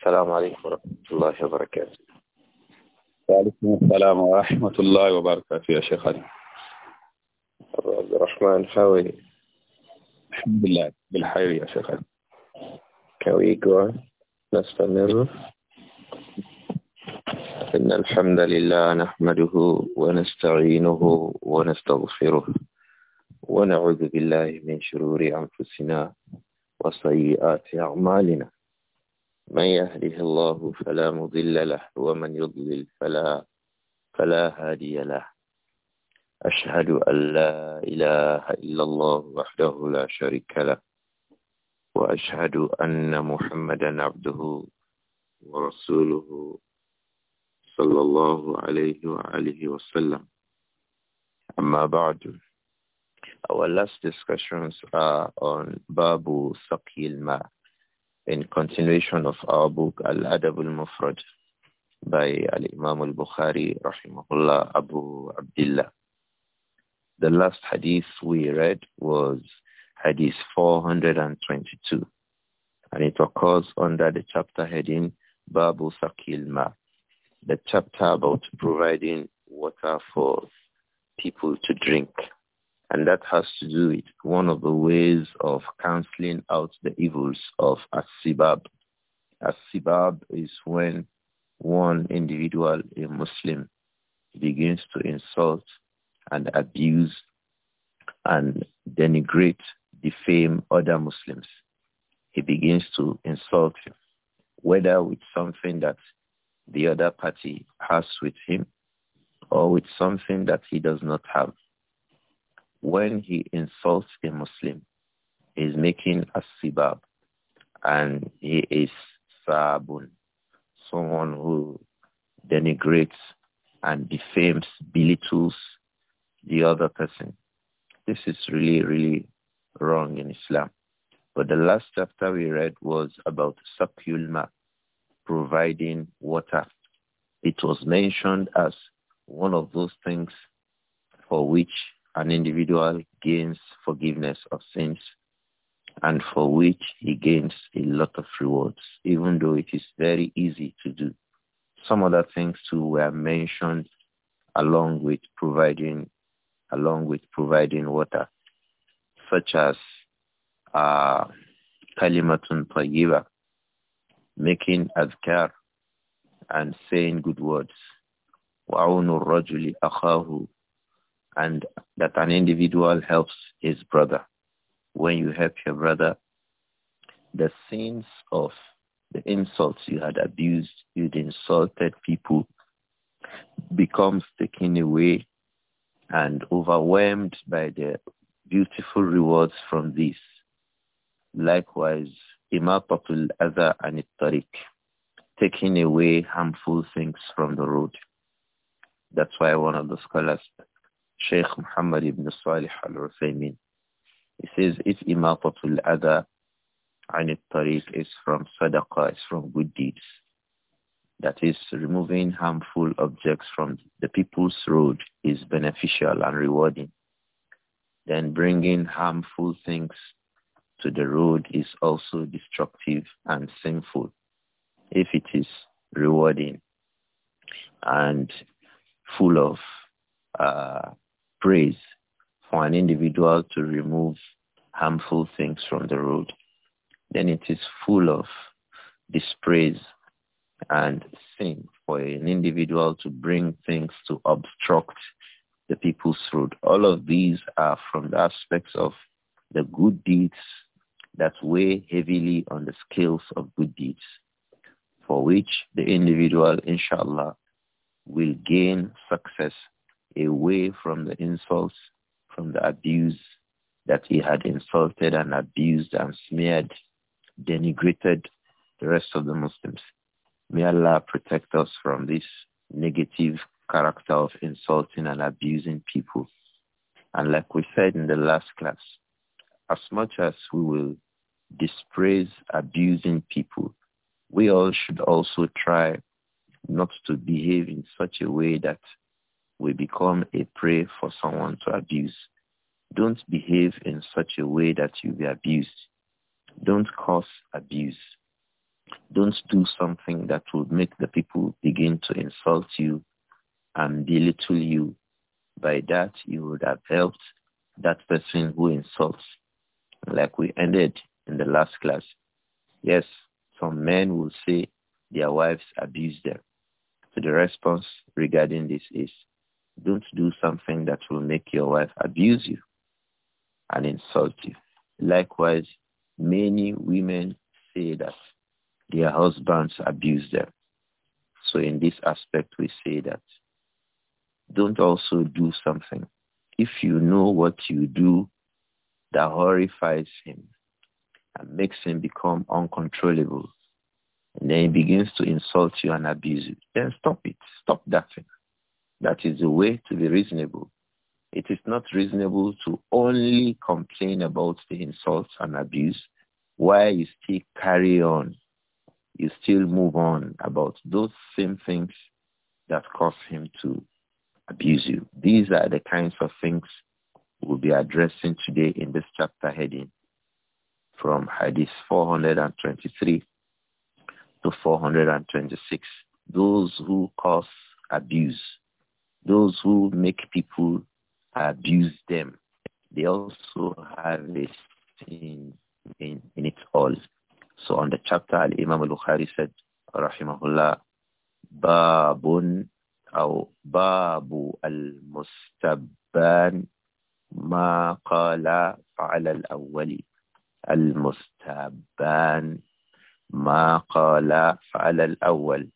السلام عليكم ورحمة الله وبركاته وعليكم السلام ورحمة الله وبركاته يا شيخ علي عبد الرحمن حاوي الحمد لله بالحير يا شيخ علي كويكو نستمر إن الحمد لله نحمده ونستعينه ونستغفره ونعوذ بالله من شرور أنفسنا وسيئات أعمالنا من يهده الله فلا مضل له ومن يضلل فلا فلا هادي له أشهد أن لا إله إلا الله وحده لا شريك له وأشهد أن محمدا عبده ورسوله صلى الله عليه وآله وسلم أما بعد Our last discussions are on Babu Saqil Ma' in continuation of our book Al-Adab al-Mufrad by Al-Imam al-Bukhari rahimahullah Abu Abdullah. The last hadith we read was hadith 422 and it occurs under the chapter heading Babu Sakil Ma, the chapter about providing water for people to drink. And that has to do with one of the ways of cancelling out the evils of asibab. Asibab is when one individual, a Muslim, begins to insult and abuse and denigrate, defame other Muslims. He begins to insult him, whether with something that the other party has with him or with something that he does not have when he insults a Muslim, he is making a sibab and he is sabun, someone who denigrates and defames, belittles the other person. This is really, really wrong in Islam. But the last chapter we read was about sakulma, providing water. It was mentioned as one of those things for which an individual gains forgiveness of sins and for which he gains a lot of rewards, even though it is very easy to do. Some other things too were mentioned along with providing along with providing water, such as uh, kalimatun tayyiba, making adhkar and saying good words. وَعَوْنُ الرَّجُلِ أَخَاهُ and that an individual helps his brother. When you help your brother, the sins of the insults you had abused, you'd insulted people, becomes taken away and overwhelmed by the beautiful rewards from this. Likewise, imaqatul other anit taking away harmful things from the road. That's why one of the scholars Sheikh Muhammad ibn Salih al-Uthaymin. He says, if imaqatul adha anit tariq is from sadaqah, is from good deeds. That is, removing harmful objects from the people's road is beneficial and rewarding. Then bringing harmful things to the road is also destructive and sinful if it is rewarding and full of uh, praise for an individual to remove harmful things from the road, then it is full of dispraise and sin for an individual to bring things to obstruct the people's road. All of these are from the aspects of the good deeds that weigh heavily on the scales of good deeds, for which the individual, inshallah, will gain success away from the insults, from the abuse that he had insulted and abused and smeared, denigrated the rest of the Muslims. May Allah protect us from this negative character of insulting and abusing people. And like we said in the last class, as much as we will dispraise abusing people, we all should also try not to behave in such a way that we become a prey for someone to abuse. Don't behave in such a way that you be abused. Don't cause abuse. Don't do something that would make the people begin to insult you and belittle you. By that, you would have helped that person who insults. Like we ended in the last class. Yes, some men will say their wives abuse them. So the response regarding this is, don't do something that will make your wife abuse you and insult you. Likewise, many women say that their husbands abuse them. So in this aspect, we say that don't also do something. If you know what you do that horrifies him and makes him become uncontrollable, and then he begins to insult you and abuse you, then stop it. Stop that thing. That is the way to be reasonable. It is not reasonable to only complain about the insults and abuse while you still carry on. You still move on about those same things that cause him to abuse you. These are the kinds of things we'll be addressing today in this chapter heading from Hadith 423 to 426. Those who cause abuse those who make people abuse them, they also have a sin in, in it all. So on the chapter, Al Imam al-Bukhari said, rahimahullah, babun أو باب المستبان ما قال فعل الأول المستبان ما قال فعل الأول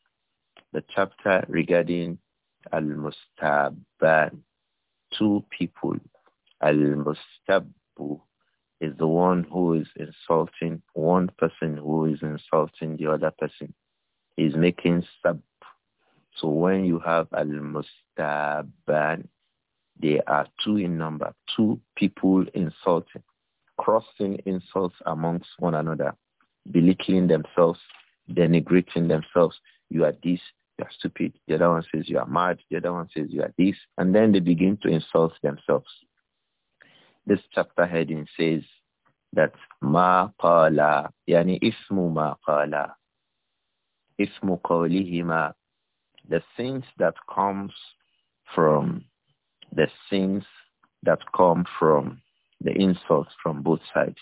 The chapter regarding al-mustabban, two people. al mustabu is the one who is insulting one person who is insulting the other person. He's making sub. So when you have al-mustabbu, The other one says you are this. And then they begin to insult themselves. This chapter heading says that ma qala, yani ismu ma qala, ismu qawlihima, the sins that comes from the sins that come from the insults from both sides.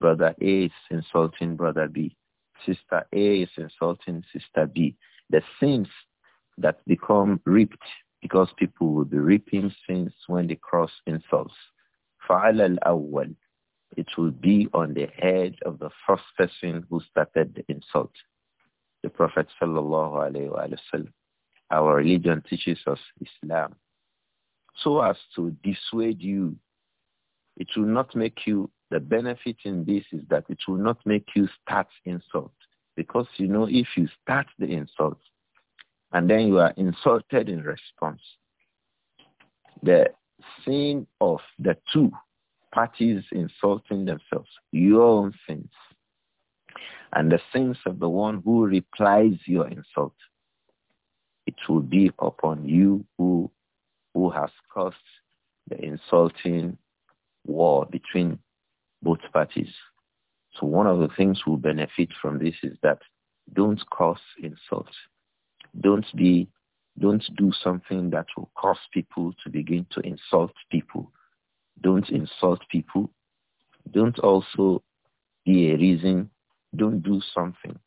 Brother A is insulting brother B. Sister A is insulting sister B. The sins that become reaped because people will be reaping sins when they cross insults. al الْأَوَّلِ It will be on the head of the first person who started the insult. The Prophet sallallahu alayhi wasallam. Our religion teaches us Islam. So as to dissuade you, it will not make you, the benefit in this is that it will not make you start insult. Because you know, if you start the insult, and then you are insulted in response. The sin of the two parties insulting themselves, your own sins, and the sins of the one who replies your insult. It will be upon you who, who has caused the insulting war between both parties. So one of the things we benefit from this is that don't cause insults don't be, don't do something that will cause people to begin to insult people. Don't insult people. Don't also be a reason. Don't do something.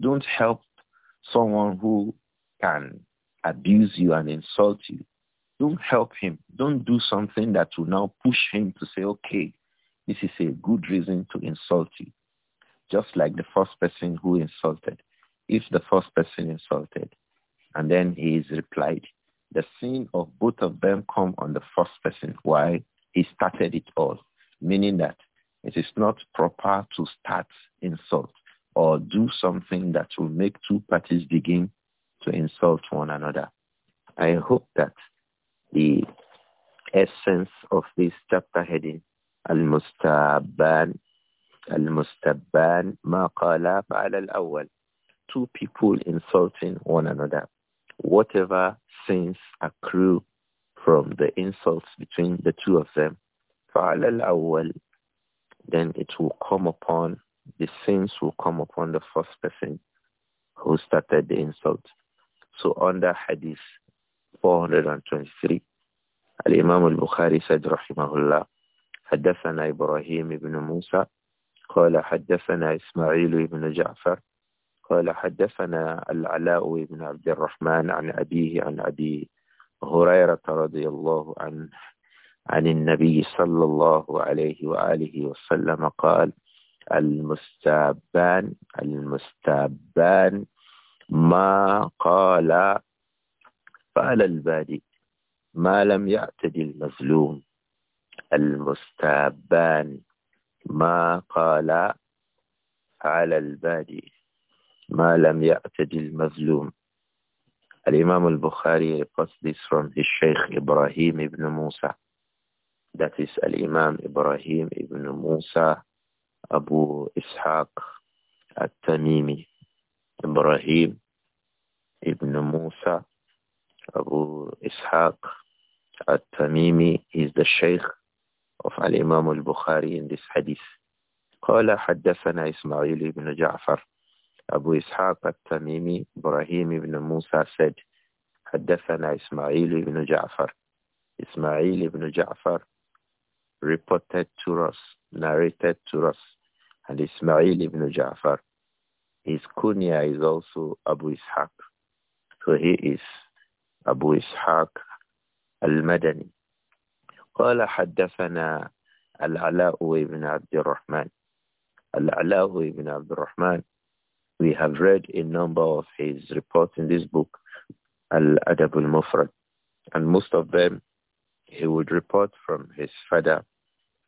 Don't help someone who can abuse you and insult you. Don't help him. Don't do something that will now push him to say, okay, this is a good reason to insult you. Just like the first person who insulted. If the first person insulted, and then he is replied, the sin of both of them come on the first person. Why? He started it all, meaning that it is not proper to start insult or do something that will make two parties begin to insult one another. I hope that the essence of this chapter heading, Al-Mustabban, Al-Mustabban, Ma Ba'al Al-Awwal, two people insulting one another whatever sins accrue from the insults between the two of them, then it will come upon, the sins will come upon the first person who started the insult. So under Hadith 423, الإمام البخاري سيد رحمه الله حدثنا إبراهيم بن موسى قال حدثنا إسماعيل بن جعفر قال حدثنا العلاء بن عبد الرحمن عن أبيه عن أبي هريرة رضي الله عنه عن النبي صلى الله عليه وآله وسلم قال المستابان المستابان ما قال فعل البادئ ما لم يعتدي المظلوم المستابان ما قال على البادئ ما لم يأتد المظلوم الإمام البخاري reports this from his Shaykh Ibrahim ibn Musa that is الإمام إبراهيم ibn Musa Abu Ishaq التميمي إبراهيم ابن موسى أبو إسحاق التميمي is the sheikh of الإمام البخاري in this hadith قال حدثنا إسماعيل بن جعفر Abu Ishaq al-Tamimi, Ibrahim ibn Musa said, حدثنا إسماعيل ibn Ja'far. Ismail ibn Ja'far reported to us, narrated to us, and Ismail ibn Ja'far, his kunya is also Abu Ishaq. So he is Abu Ishaq al-Madani. قال حدثنا العلاء بن عبد الرحمن العلاء بن عبد الرحمن We have read a number of his reports in this book, Al-Adab al-Mufrad, and most of them he would report from his father,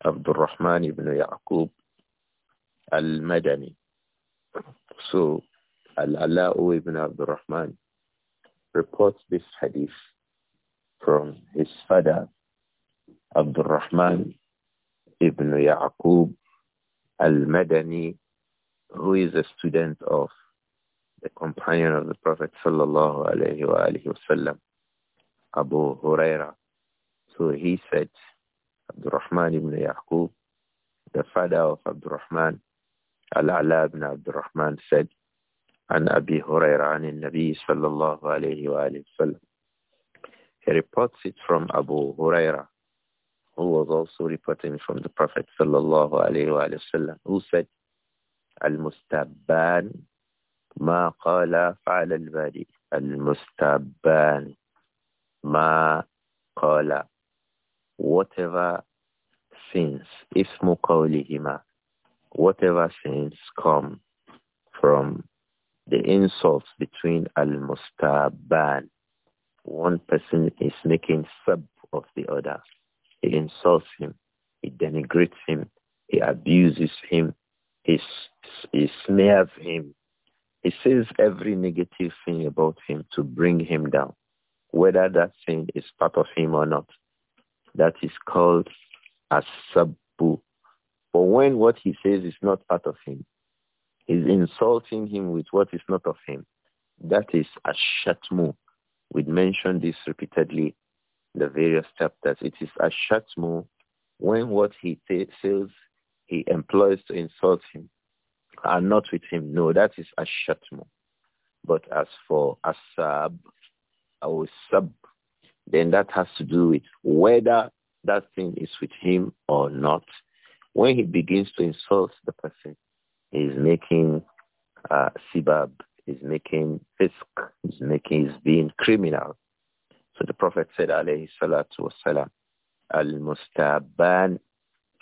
Abdul Rahman ibn Yaqub al-Madani. So Al-Ala'u ibn Abdul Rahman reports this hadith from his father, Abdul Rahman ibn Yaqub al-Madani who is a student of the companion of the Prophet sallallahu alayhi wa alayhi Abu Huraira. So he said, Abdurrahman ibn Yaqub, the father of Abdurrahman, Al-Ala ibn Abdurrahman said, عن أبي هريرة عن النبي صلى الله عليه وآله وسلم. He reports it from Abu Huraira, who was also reporting from the Prophet sallallahu alayhi wa sallam, who said, المستبان ما قال فعل البادي المستبان ما قال whatever sins اسم قولهما whatever sins come from the insults between al-mustaban one person is making sub of the other he insults him he denigrates him he abuses him he snares him. He says every negative thing about him to bring him down, whether that thing is part of him or not. That is called a sabbu. But when what he says is not part of him, he's insulting him with what is not of him. That is a shatmu. We mentioned this repeatedly in the various chapters. It is a shatmu when what he says he employs to insult him are not with him. No, that is ashatmu. But as for asab or then that has to do with whether that thing is with him or not. When he begins to insult the person, he is making uh, sibab, is making fisk, is making, is being criminal. So the Prophet said, alayhi salatu wasalam, al-mustaban,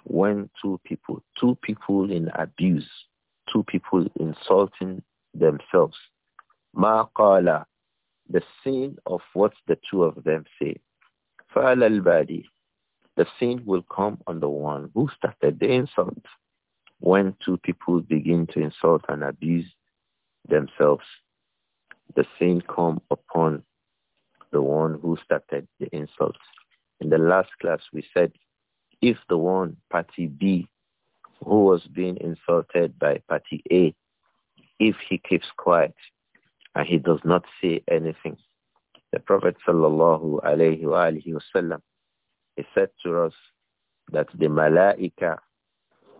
when two people, two people in abuse, two people insulting themselves. Ma qala, the sin of what the two of them say. Fa'ala al-badi, the sin will come on the one who started the insult. When two people begin to insult and abuse themselves, the sin come upon the one who started the insult. In the last class, we said if the one party B who was being insulted by party A, if he keeps quiet and he does not say anything. The Prophet sallallahu alayhi wa he said to us that the malaika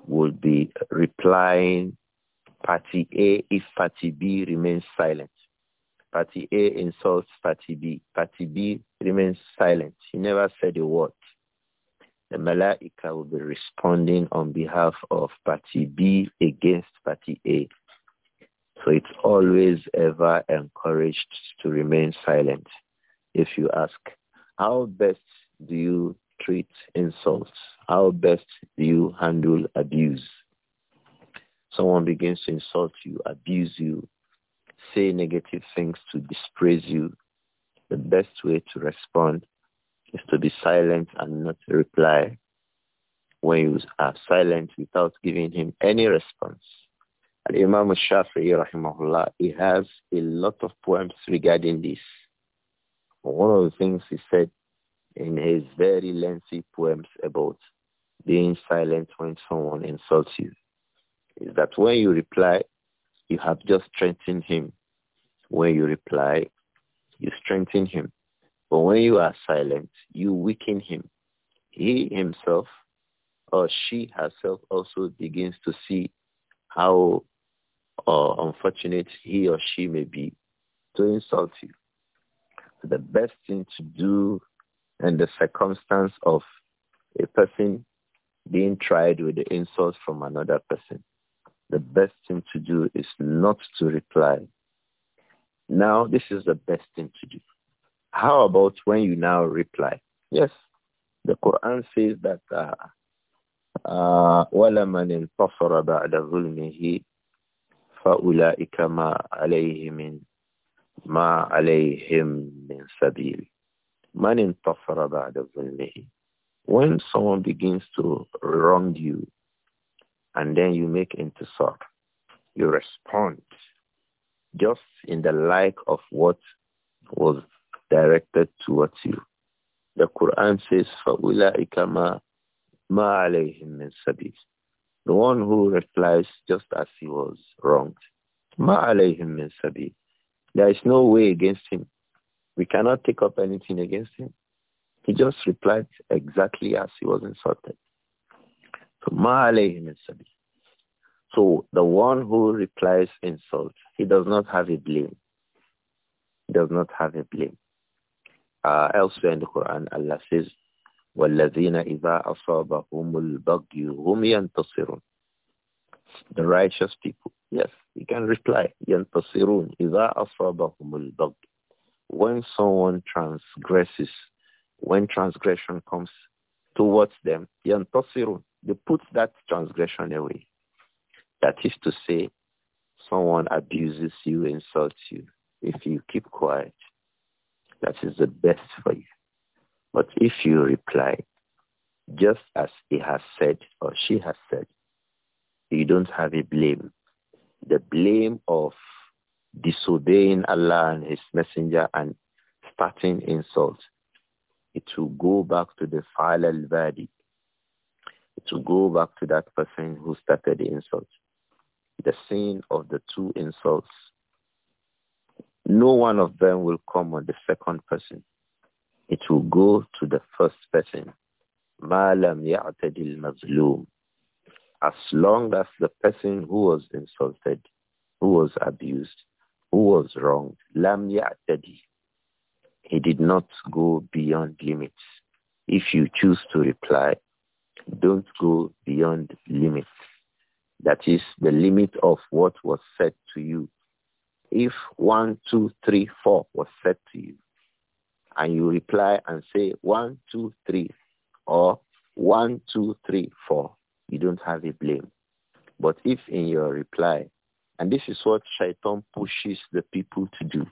would be replying party A if party B remains silent. Party A insults party B. Party B remains silent. He never said a word the Malaika will be responding on behalf of party B against party A. So it's always ever encouraged to remain silent. If you ask, how best do you treat insults? How best do you handle abuse? Someone begins to insult you, abuse you, say negative things to dispraise you. The best way to respond is to be silent and not reply when you are silent without giving him any response. And Imam Shafi'i, rahimahullah, he has a lot of poems regarding this. One of the things he said in his very lengthy poems about being silent when someone insults you is that when you reply, you have just strengthened him. When you reply, you strengthen him. But when you are silent, you weaken him. He himself or she herself also begins to see how uh, unfortunate he or she may be to insult you. The best thing to do in the circumstance of a person being tried with the insult from another person, the best thing to do is not to reply. Now, this is the best thing to do. How about when you now reply? Yes, the Quran says that وَلَمَنِ انْتَصَرَ بَعْدَ ظُلْمِهِ فَأُولَٰئِكَ مَا عَلَيْهِمْ مَا عَلَيْهِمْ مِنْ سَبِيلٍ مَنِ انْتَصَرَ بَعْدَ ظُلْمِهِ When someone begins to wrong you and then you make intisar, you respond just in the like of what was directed towards you. The Quran says, فَأُولَٰئِكَ مَا مَا عَلَيْهِمْ مِنْ سَبِيلٍ The one who replies just as he was wronged. مَا عَلَيْهِمْ مِنْ سَبِيلٍ There is no way against him. We cannot take up anything against him. He just replied exactly as he was insulted. So, مَا عَلَيْهِمْ مِنْ سَبِيلٍ so the one who replies insult, he does not have a blame. He does not have a blame. Uh, elsewhere in the Quran, Allah says, وَالَّذِينَ إِذَا أَصَابَهُمُ الْبَغْيُ هُمْ يَنْتَصِرُونَ The righteous people. Yes, you can reply. يَنْتَصِرُونَ إِذَا أَصَابَهُمُ الْبَغْيُ When someone transgresses, when transgression comes towards them, يَنْتَصِرُونَ They put that transgression away. That is to say, someone abuses you, insults you. If you keep quiet, that is the best for you. But if you reply, just as he has said or she has said, you don't have a blame. The blame of disobeying Allah and his messenger and starting insults, it will go back to the file al-badi. It will go back to that person who started the insult. The sin of the two insults no one of them will come on the second person. It will go to the first person. As long as the person who was insulted, who was abused, who was wronged, lam ya'tadi. He did not go beyond limits. If you choose to reply, don't go beyond limits. That is the limit of what was said to you if one, two, three, four was said to you, and you reply and say one, two, three, or one, two, three, four, you don't have a blame. But if in your reply, and this is what Shaitan pushes the people to do.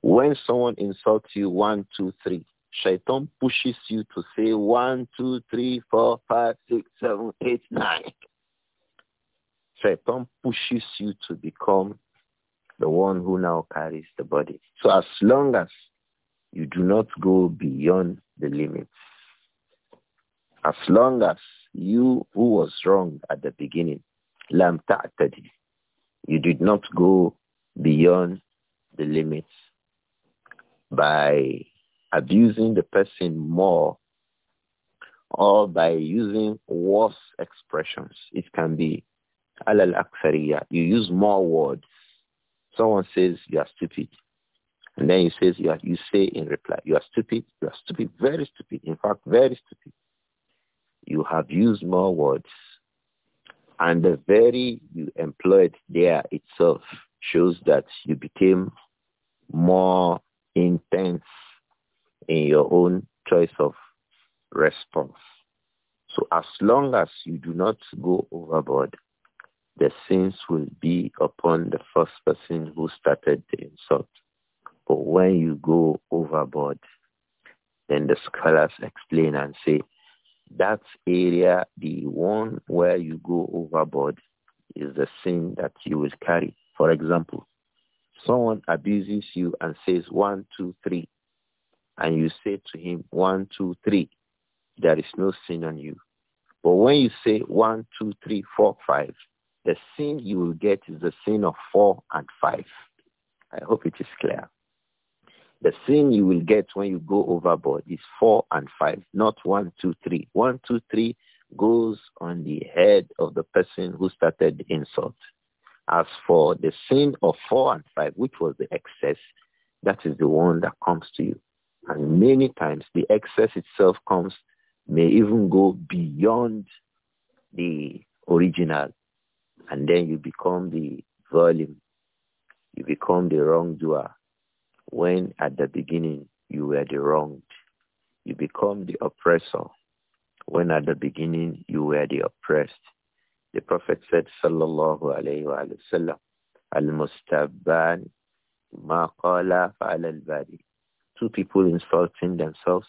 When someone insults you, one, two, three, Shaitan pushes you to say one, two, three, four, five, six, seven, eight, nine. Shaitan pushes you to become the one who now carries the body. So as long as you do not go beyond the limits, as long as you who was wrong at the beginning, lam ta'tadi, you did not go beyond the limits by abusing the person more or by using worse expressions. It can be alal aksariya. You use more words Someone says you are stupid. And then he says you, are, you say in reply, you are stupid, you are stupid, very stupid, in fact, very stupid. You have used more words. And the very you employed there itself shows that you became more intense in your own choice of response. So as long as you do not go overboard the sins will be upon the first person who started the insult. But when you go overboard, then the scholars explain and say, that area, the one where you go overboard is the sin that you will carry. For example, someone abuses you and says one, two, three, and you say to him one, two, three, there is no sin on you. But when you say one, two, three, four, five, the sin you will get is the sin of four and five. I hope it is clear. The sin you will get when you go overboard is four and five, not one, two, three. One, two, three goes on the head of the person who started the insult. As for the sin of four and five, which was the excess, that is the one that comes to you. And many times the excess itself comes, may even go beyond the original and then you become the volume. You become the wrongdoer. When at the beginning you were the wronged. You become the oppressor. When at the beginning you were the oppressed. The Prophet said, Sallallahu wa sallam, Al-Mustabban, Ma Qala Al-Badi. Two people insulting themselves,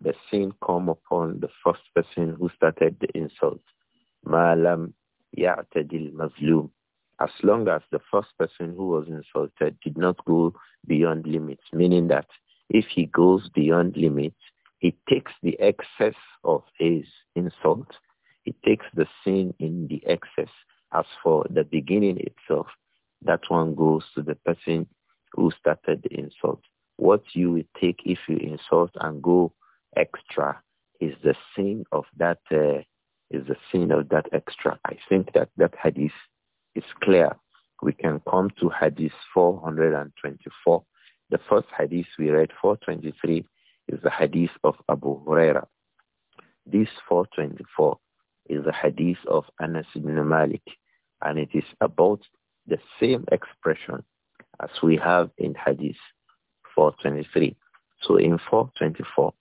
the sin come upon the first person who started the insult. Ma Ya'tadil Mazlum. As long as the first person who was insulted did not go beyond limits, meaning that if he goes beyond limits, he takes the excess of his insult. He takes the sin in the excess. As for the beginning itself, that one goes to the person who started the insult. What you will take if you insult and go extra is the sin of that uh, is the sin of that extra. I think that that hadith is clear. We can come to hadith 424. The first hadith we read, 423, is the hadith of Abu Huraira. This 424 is the hadith of Anas ibn Malik, and it is about the same expression as we have in hadith 423. So in 424,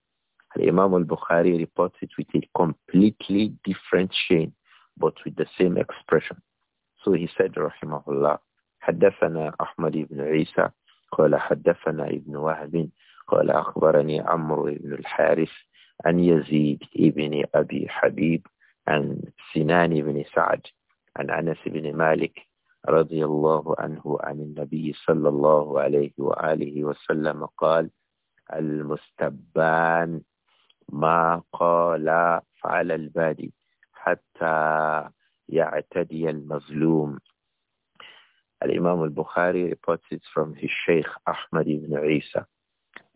and Imam al-Bukhari reports it with a completely different chain, but with the same expression. So he said, rahimahullah, حدثنا أحمد بن عيسى قال حدثنا ابن وهب قال أخبرني عمرو بن الحارث عن يزيد بن أبي حبيب عن سنان بن سعد عن أنس بن مالك رضي الله عنه عن النبي صلى الله عليه وآله وسلم قال المستبان ما قال فعل البادي حتى يعتدي المظلوم Al-Imam bukhari reports it from his Sheikh Ahmad ibn Isa.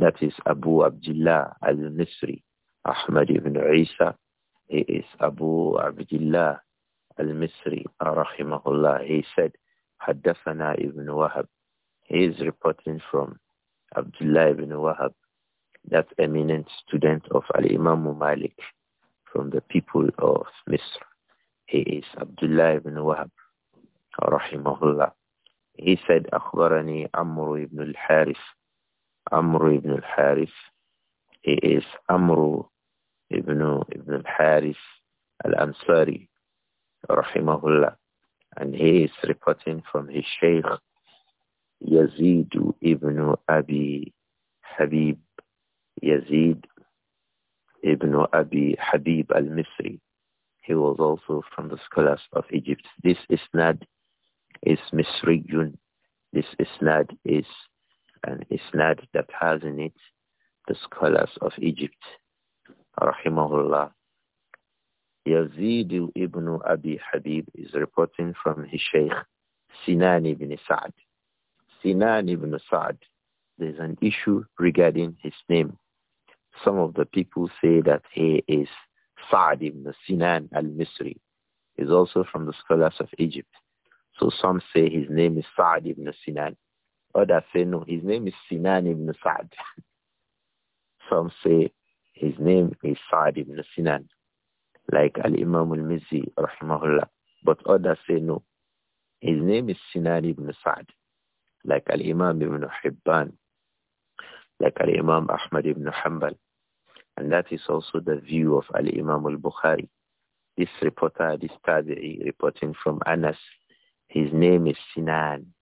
That is Abu Abdullah al-Misri. Ahmad ibn Isa, he is Abu Abdullah al-Misri, rahimahullah. He said, Haddathana ibn Wahab. He is reporting from Abdullah ibn Wahab, that eminent student of Ali imam Malik from the people of Misr. He is Abdullah ibn Wahab, rahimahullah. He said, أخبرني عمرو ibn al haris Amr ibn al haris He is Amr ibn, ibn al haris al-Ansari, rahimahullah. And he is reporting from his sheikh, Yazid ibn Abi Habib Yazid ibn Abi Habib al-Misri. He was also from the scholars of Egypt. This isnad is Misriyun. This isnad is an isnad that has in it the scholars of Egypt. Rahimahullah. Yazid ibn Abi Habib is reporting from his sheikh Sinan ibn Saad. Sinan ibn Saad. there's an issue regarding his name. Some of the people say that he is Sa'd ibn Sinan al-Misri. He's also from the scholars of Egypt. So some say his name is Sa'd ibn Sinan. Others say no, his name is Sinan ibn Sa'd. some say his name is Sa'd ibn Sinan, like Al-Imam al-Mizzi, rahimahullah. But others say no, his name is Sinan ibn Sa'd, like Al-Imam ibn Hibban, like Al-Imam Ahmad ibn Hanbal, and that is also the view of Ali imam al-Bukhari. This reporter, this tabi'i reporting from Anas, his name is Sinan.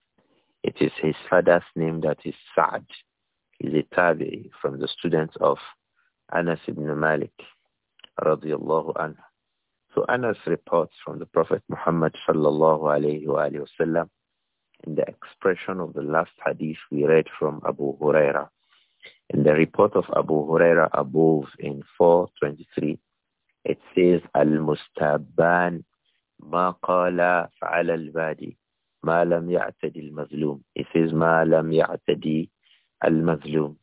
It is his father's name that is Sa'd. He's a tabi'i from the students of Anas ibn Malik radiallahu anhu. So Anas reports from the Prophet Muhammad sallallahu alayhi wa alayhi wasallam in the expression of the last hadith we read from Abu Huraira in the report of Abu Huraira above in 423, it says, al qala ما al Badi ma lam yatadi al المظلوم It says lam yatadi al المظلوم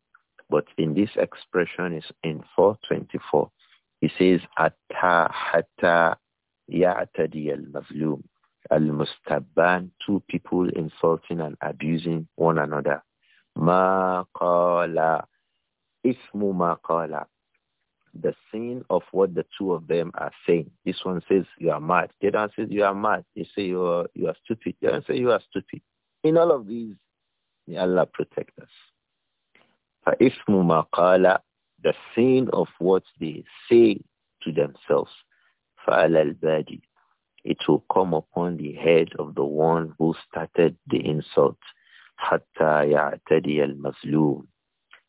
But in this expression is in 424. he says yatadi al يعتدي al Mustaban. Two people insulting and abusing one another. Maqala, qala. Ismu ma The sin of what the two of them are saying. This one says you are mad. The other says you are mad. They say you are, you are stupid. The other says you are stupid. In all of these, may Allah protect us. فَإِثْمُ مَا The sin of what they say to themselves. فَعَلَى الْبَادِي It will come upon the head of the one who started the insult. حتى يعتدي المظلوم.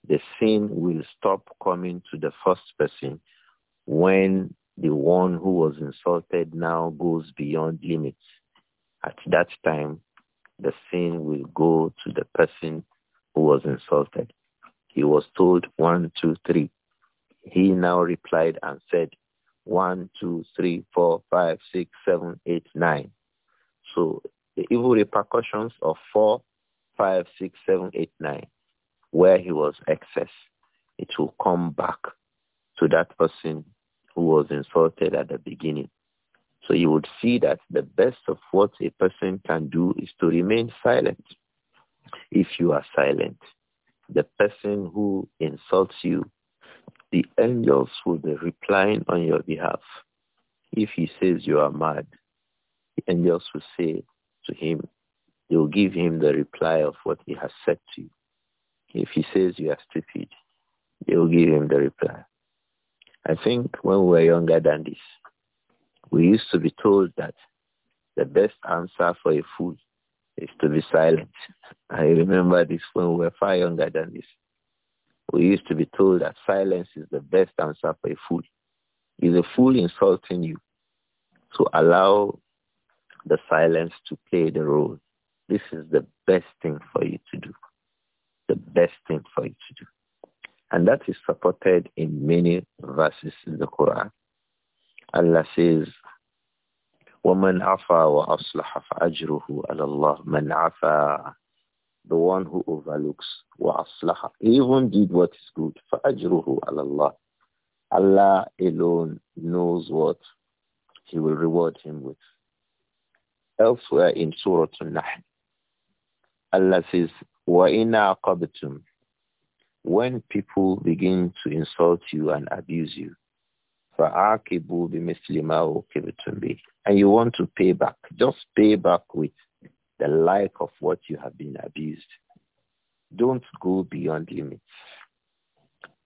The sin will stop coming to the first person when the one who was insulted now goes beyond limits. At that time, the sin will go to the person who was insulted. He was told one, two, three. He now replied and said one, two, three, four, five, six, seven, eight, nine. So the evil repercussions of four five, six, seven, eight, nine, where he was excess, it will come back to that person who was insulted at the beginning. So you would see that the best of what a person can do is to remain silent. If you are silent, the person who insults you, the angels will be replying on your behalf. If he says you are mad, the angels will say to him, you will give him the reply of what he has said to you. If he says you are stupid, they will give him the reply. I think when we were younger than this, we used to be told that the best answer for a fool is to be silent. I remember this when we were far younger than this. We used to be told that silence is the best answer for a fool. Is a fool insulting you? So allow the silence to play the role. This is the best thing for you to do. The best thing for you to do. And that is supported in many verses in the Quran. Allah says, وَمَنْ عَفَى وَأَصْلَحَ فَأَجْرُهُ عَلَى اللَّهِ مَنْ عَفَى The one who overlooks وَأَصْلَحَ Even did what is good. فَأَجْرُهُ عَلَى اللَّهِ Allah alone knows what he will reward him with. Elsewhere in Surah An-Nahl, Allah says, وَإِنَا عَقَبْتُمْ When people begin to insult you and abuse you, فَعَاقِبُوا بِمِثْلِ مَا بِهِ And you want to pay back. Just pay back with the like of what you have been abused. Don't go beyond limits.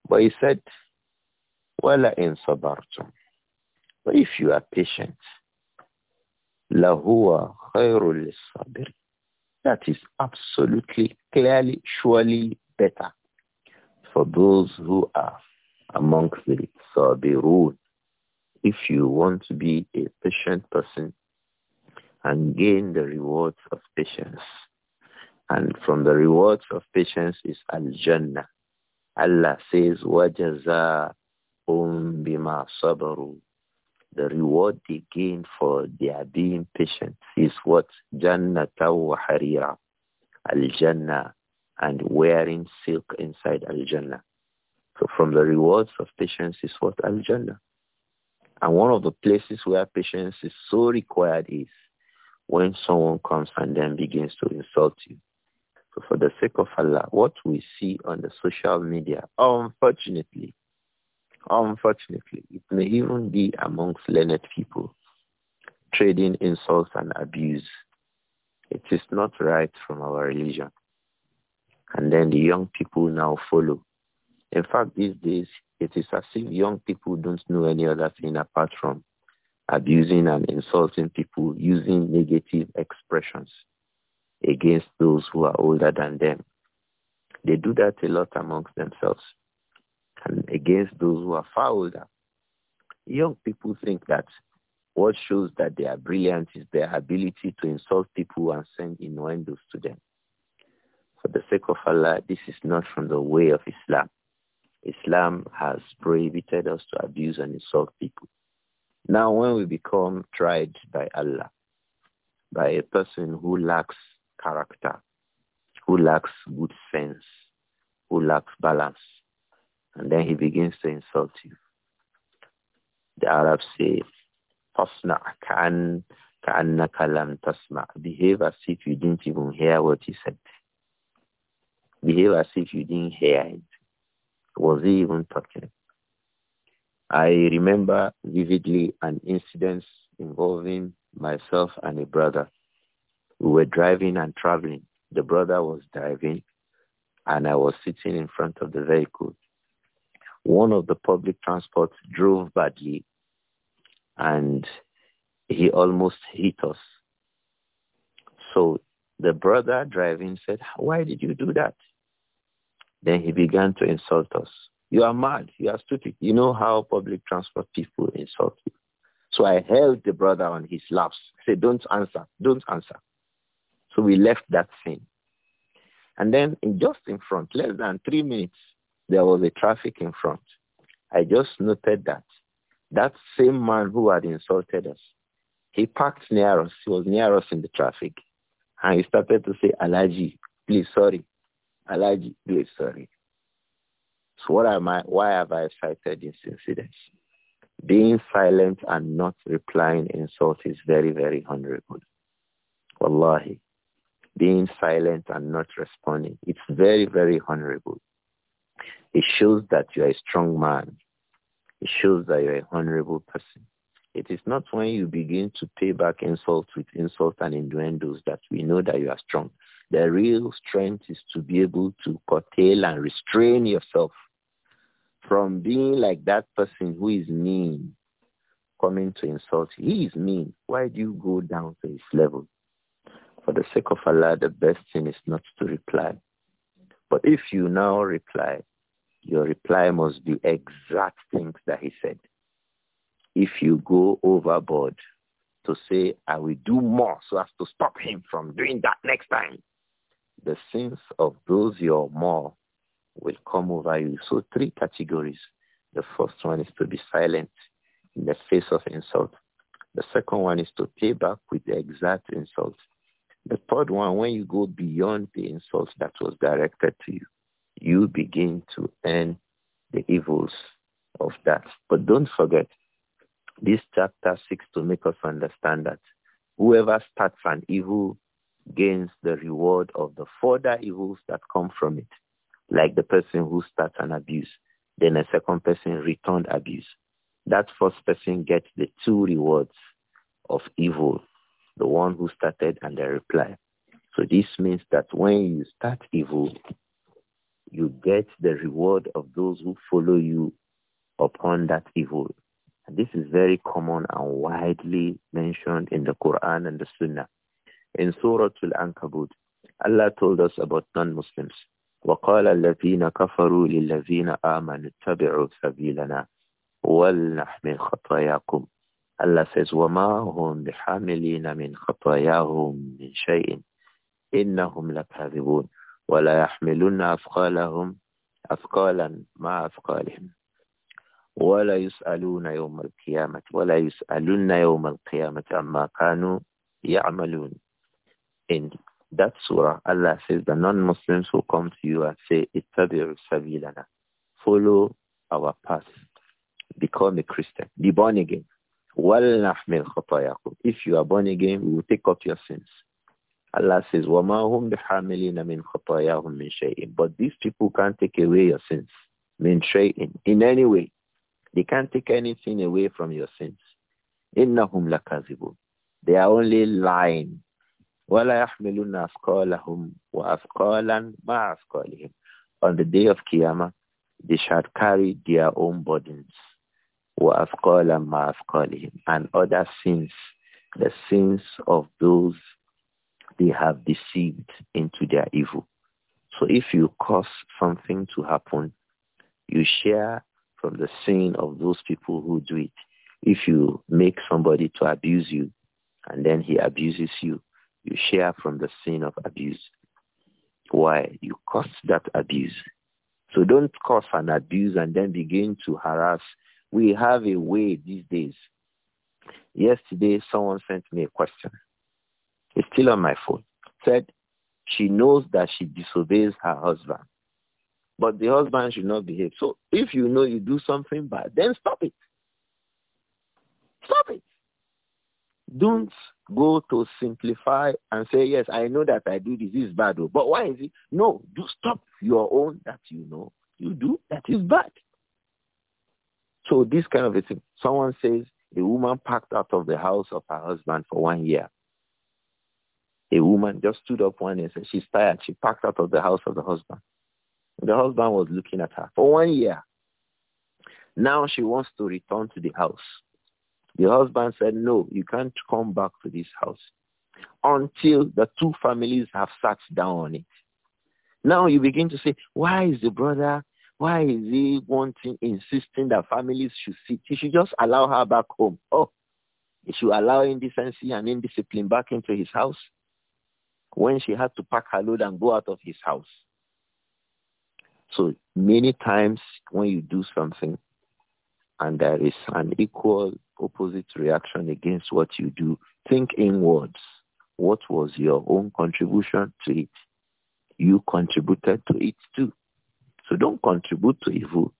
But he said, وَلَئِن صَبَرْتُمْ But if you are patient, لَهُوَ خَيْرٌ لِلصَّابِرِينَ that is absolutely, clearly, surely better for those who are amongst the Sabirun. If you want to be a patient person and gain the rewards of patience, and from the rewards of patience is Al-Jannah. Allah says, وَجَزَاءٌ بِمَا صَبَرُوا The reward they gain for their being patient what? Jannah wa harira. Al-Jannah and wearing silk inside Al-Jannah. So from the rewards of patience is what? Al-Jannah. And one of the places where patience is so required is when someone comes and then begins to insult you. So for the sake of Allah, what we see on the social media, unfortunately, unfortunately, it may even be amongst learned people trading insults and abuse. It is not right from our religion. And then the young people now follow. In fact, these days, it is as if young people don't know any other thing apart from abusing and insulting people using negative expressions against those who are older than them. They do that a lot amongst themselves and against those who are far older. Young people think that what shows that they are brilliant is their ability to insult people and send innuendos to them. For the sake of Allah, this is not from the way of Islam. Islam has prohibited us to abuse and insult people. Now, when we become tried by Allah, by a person who lacks character, who lacks good sense, who lacks balance, and then he begins to insult you. The Arabs say, Behave as if you didn't even hear what he said. Behave as if you didn't hear it. Was he even talking? I remember vividly an incident involving myself and a brother. We were driving and traveling. The brother was driving and I was sitting in front of the vehicle. One of the public transports drove badly and he almost hit us. So the brother driving said, why did you do that? Then he began to insult us. You are mad. You are stupid. You know how public transport people insult you. So I held the brother on his laps. I said, don't answer. Don't answer. So we left that scene. And then in just in front, less than three minutes, there was a traffic in front. I just noted that that same man who had insulted us, he parked near us. He was near us in the traffic. And he started to say, Alaji, please, sorry. Alaji, please, sorry. So what am I, why have I cited this incident? Being silent and not replying insult is very, very honorable. Wallahi. Being silent and not responding, it's very, very honorable. It shows that you are a strong man. It shows that you're a honorable person. It is not when you begin to pay back insult with insult and innuendos that we know that you are strong. The real strength is to be able to curtail and restrain yourself from being like that person who is mean, coming to insult you. He is mean. Why do you go down to his level? For the sake of Allah, the best thing is not to reply. But if you now reply, your reply must be exact things that he said. If you go overboard to say, I will do more so as to stop him from doing that next time, the sins of those you're more will come over you. So three categories. The first one is to be silent in the face of insult. The second one is to pay back with the exact insult. The third one, when you go beyond the insult that was directed to you you begin to end the evils of that. But don't forget, this chapter seeks to make us understand that whoever starts an evil gains the reward of the further evils that come from it, like the person who starts an abuse. Then a second person returned abuse. That first person gets the two rewards of evil, the one who started and the reply. So this means that when you start evil, you get the reward of those who follow you upon that evil. And this is very common and widely mentioned in the Quran and the Sunnah. In Surah Al-Ankabut, Allah told us about non-Muslims. وقال الذين كفروا للذين آمنوا اتبعوا سبيلنا ولنحمل خطاياكم Allah says وما هم بحاملين من خطاياهم من شيء إنهم لكاذبون وَلَا يَحْمِلُنَّ أَثْقَالَهُمْ أَثْقَالًا أَثْقَالِهِمْ وَلَا يُسْأَلُونَ يَوْمَ الْقِيَامَةِ وَلَا يُسْأَلُونَ يَوْمَ الْقِيَامَةِ عَمَّا كَانُوا يَعْمَلُونَ In that surah, Allah says the non-Muslims who come to you and say, سَبِيلَنَا Follow our path. Become a Christian. Be born again. وَلْنَحْمِلْ If you are born again, we will take up your sins. Allah says, وَمَا هُمْ بِحَامِلِينَ مِنْ خَطَايَاهُمْ مِنْ شَيْءٍ But these people can't take away your sins. مِنْ شَيْءٍ In any way. They can't take anything away from your sins. إِنَّهُمْ لَكَذِبُونَ They are only lying. وَلَا يَحْمِلُونَ أَثْقَالَهُمْ وَأَثْقَالًا مَا أَثْقَالِهِمْ On the day of Qiyamah, they shall carry their own burdens. وَأَثْقَالًا مَا أَثْقَالِهِمْ And other sins, the sins of those they have deceived into their evil. So if you cause something to happen, you share from the sin of those people who do it. If you make somebody to abuse you and then he abuses you, you share from the sin of abuse. Why? You cause that abuse. So don't cause an abuse and then begin to harass. We have a way these days. Yesterday, someone sent me a question. It's still on my phone. Said she knows that she disobeys her husband. But the husband should not behave. So if you know you do something bad, then stop it. Stop it. Don't go to simplify and say, yes, I know that I do this, this is bad. Oh, but why is it? No, do stop your own that you know you do that is bad. So this kind of a thing. Someone says a woman packed out of the house of her husband for one year a woman just stood up one day and said she's tired. She packed out of the house of the husband. The husband was looking at her for one year. Now she wants to return to the house. The husband said, no, you can't come back to this house until the two families have sat down on it. Now you begin to say, why is the brother, why is he wanting, insisting that families should sit? He should just allow her back home. Oh, he should allow indecency and indiscipline back into his house when she had to pack her load and go out of his house. So many times when you do something and there is an equal opposite reaction against what you do, think inwards. What was your own contribution to it? You contributed to it too. So don't contribute to evil.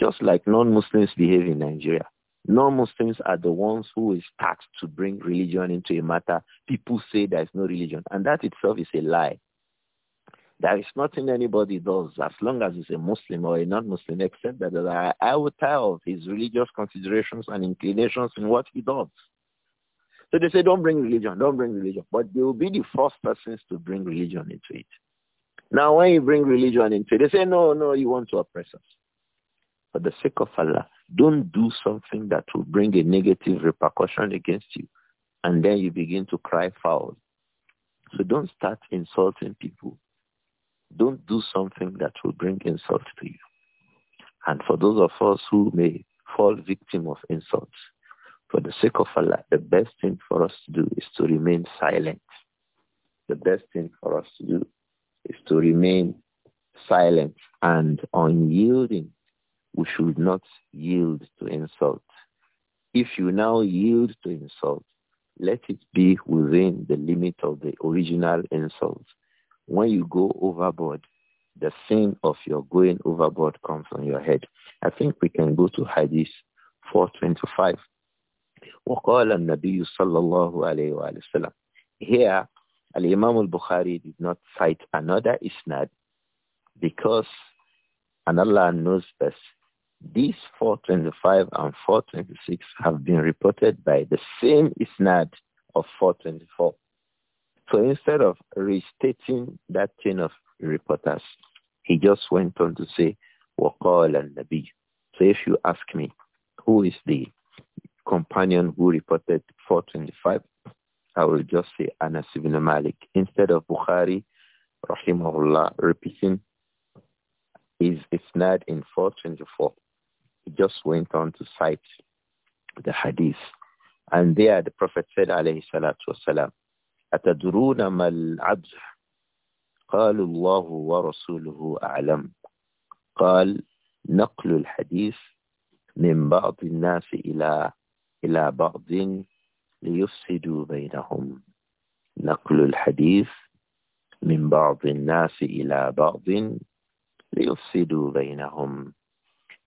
Just like non-Muslims behave in Nigeria. Non-Muslims are the ones who is taxed to bring religion into a matter. People say there is no religion, and that itself is a lie. There is nothing anybody does as long as he's a Muslim or a non-Muslim, except that I, are will of his religious considerations and inclinations in what he does. So they say, don't bring religion, don't bring religion. But they will be the first persons to bring religion into it. Now, when you bring religion into it, they say, no, no, you want to oppress us. For the sake of Allah, don't do something that will bring a negative repercussion against you. And then you begin to cry foul. So don't start insulting people. Don't do something that will bring insult to you. And for those of us who may fall victim of insults, for the sake of Allah, the best thing for us to do is to remain silent. The best thing for us to do is to remain silent and unyielding we should not yield to insult. If you now yield to insult, let it be within the limit of the original insult. When you go overboard, the sin of your going overboard comes on your head. I think we can go to Hadith 425. Here, Al-Imam al-Bukhari did not cite another isnad because and Allah knows best these 425 and 426 have been reported by the same isnad of 424. So instead of restating that chain of reporters, he just went on to say, وَقَالَ Nabi. So if you ask me, who is the companion who reported 425, I will just say Anas ibn Malik. Instead of Bukhari, rahimahullah, repeating his isnad in 424, he just went on to cite the hadith. And there the Prophet said, alayhi salatu wasalam, أَتَدْرُونَ مَا الْعَبْدُ قَالُوا اللَّهُ وَرَسُولُهُ أَعْلَمُ قال نقل الحديث من بعض الناس إلى إلى بعض ليفسدوا بينهم نقل الحديث من بعض الناس إلى بعض ليفسدوا بينهم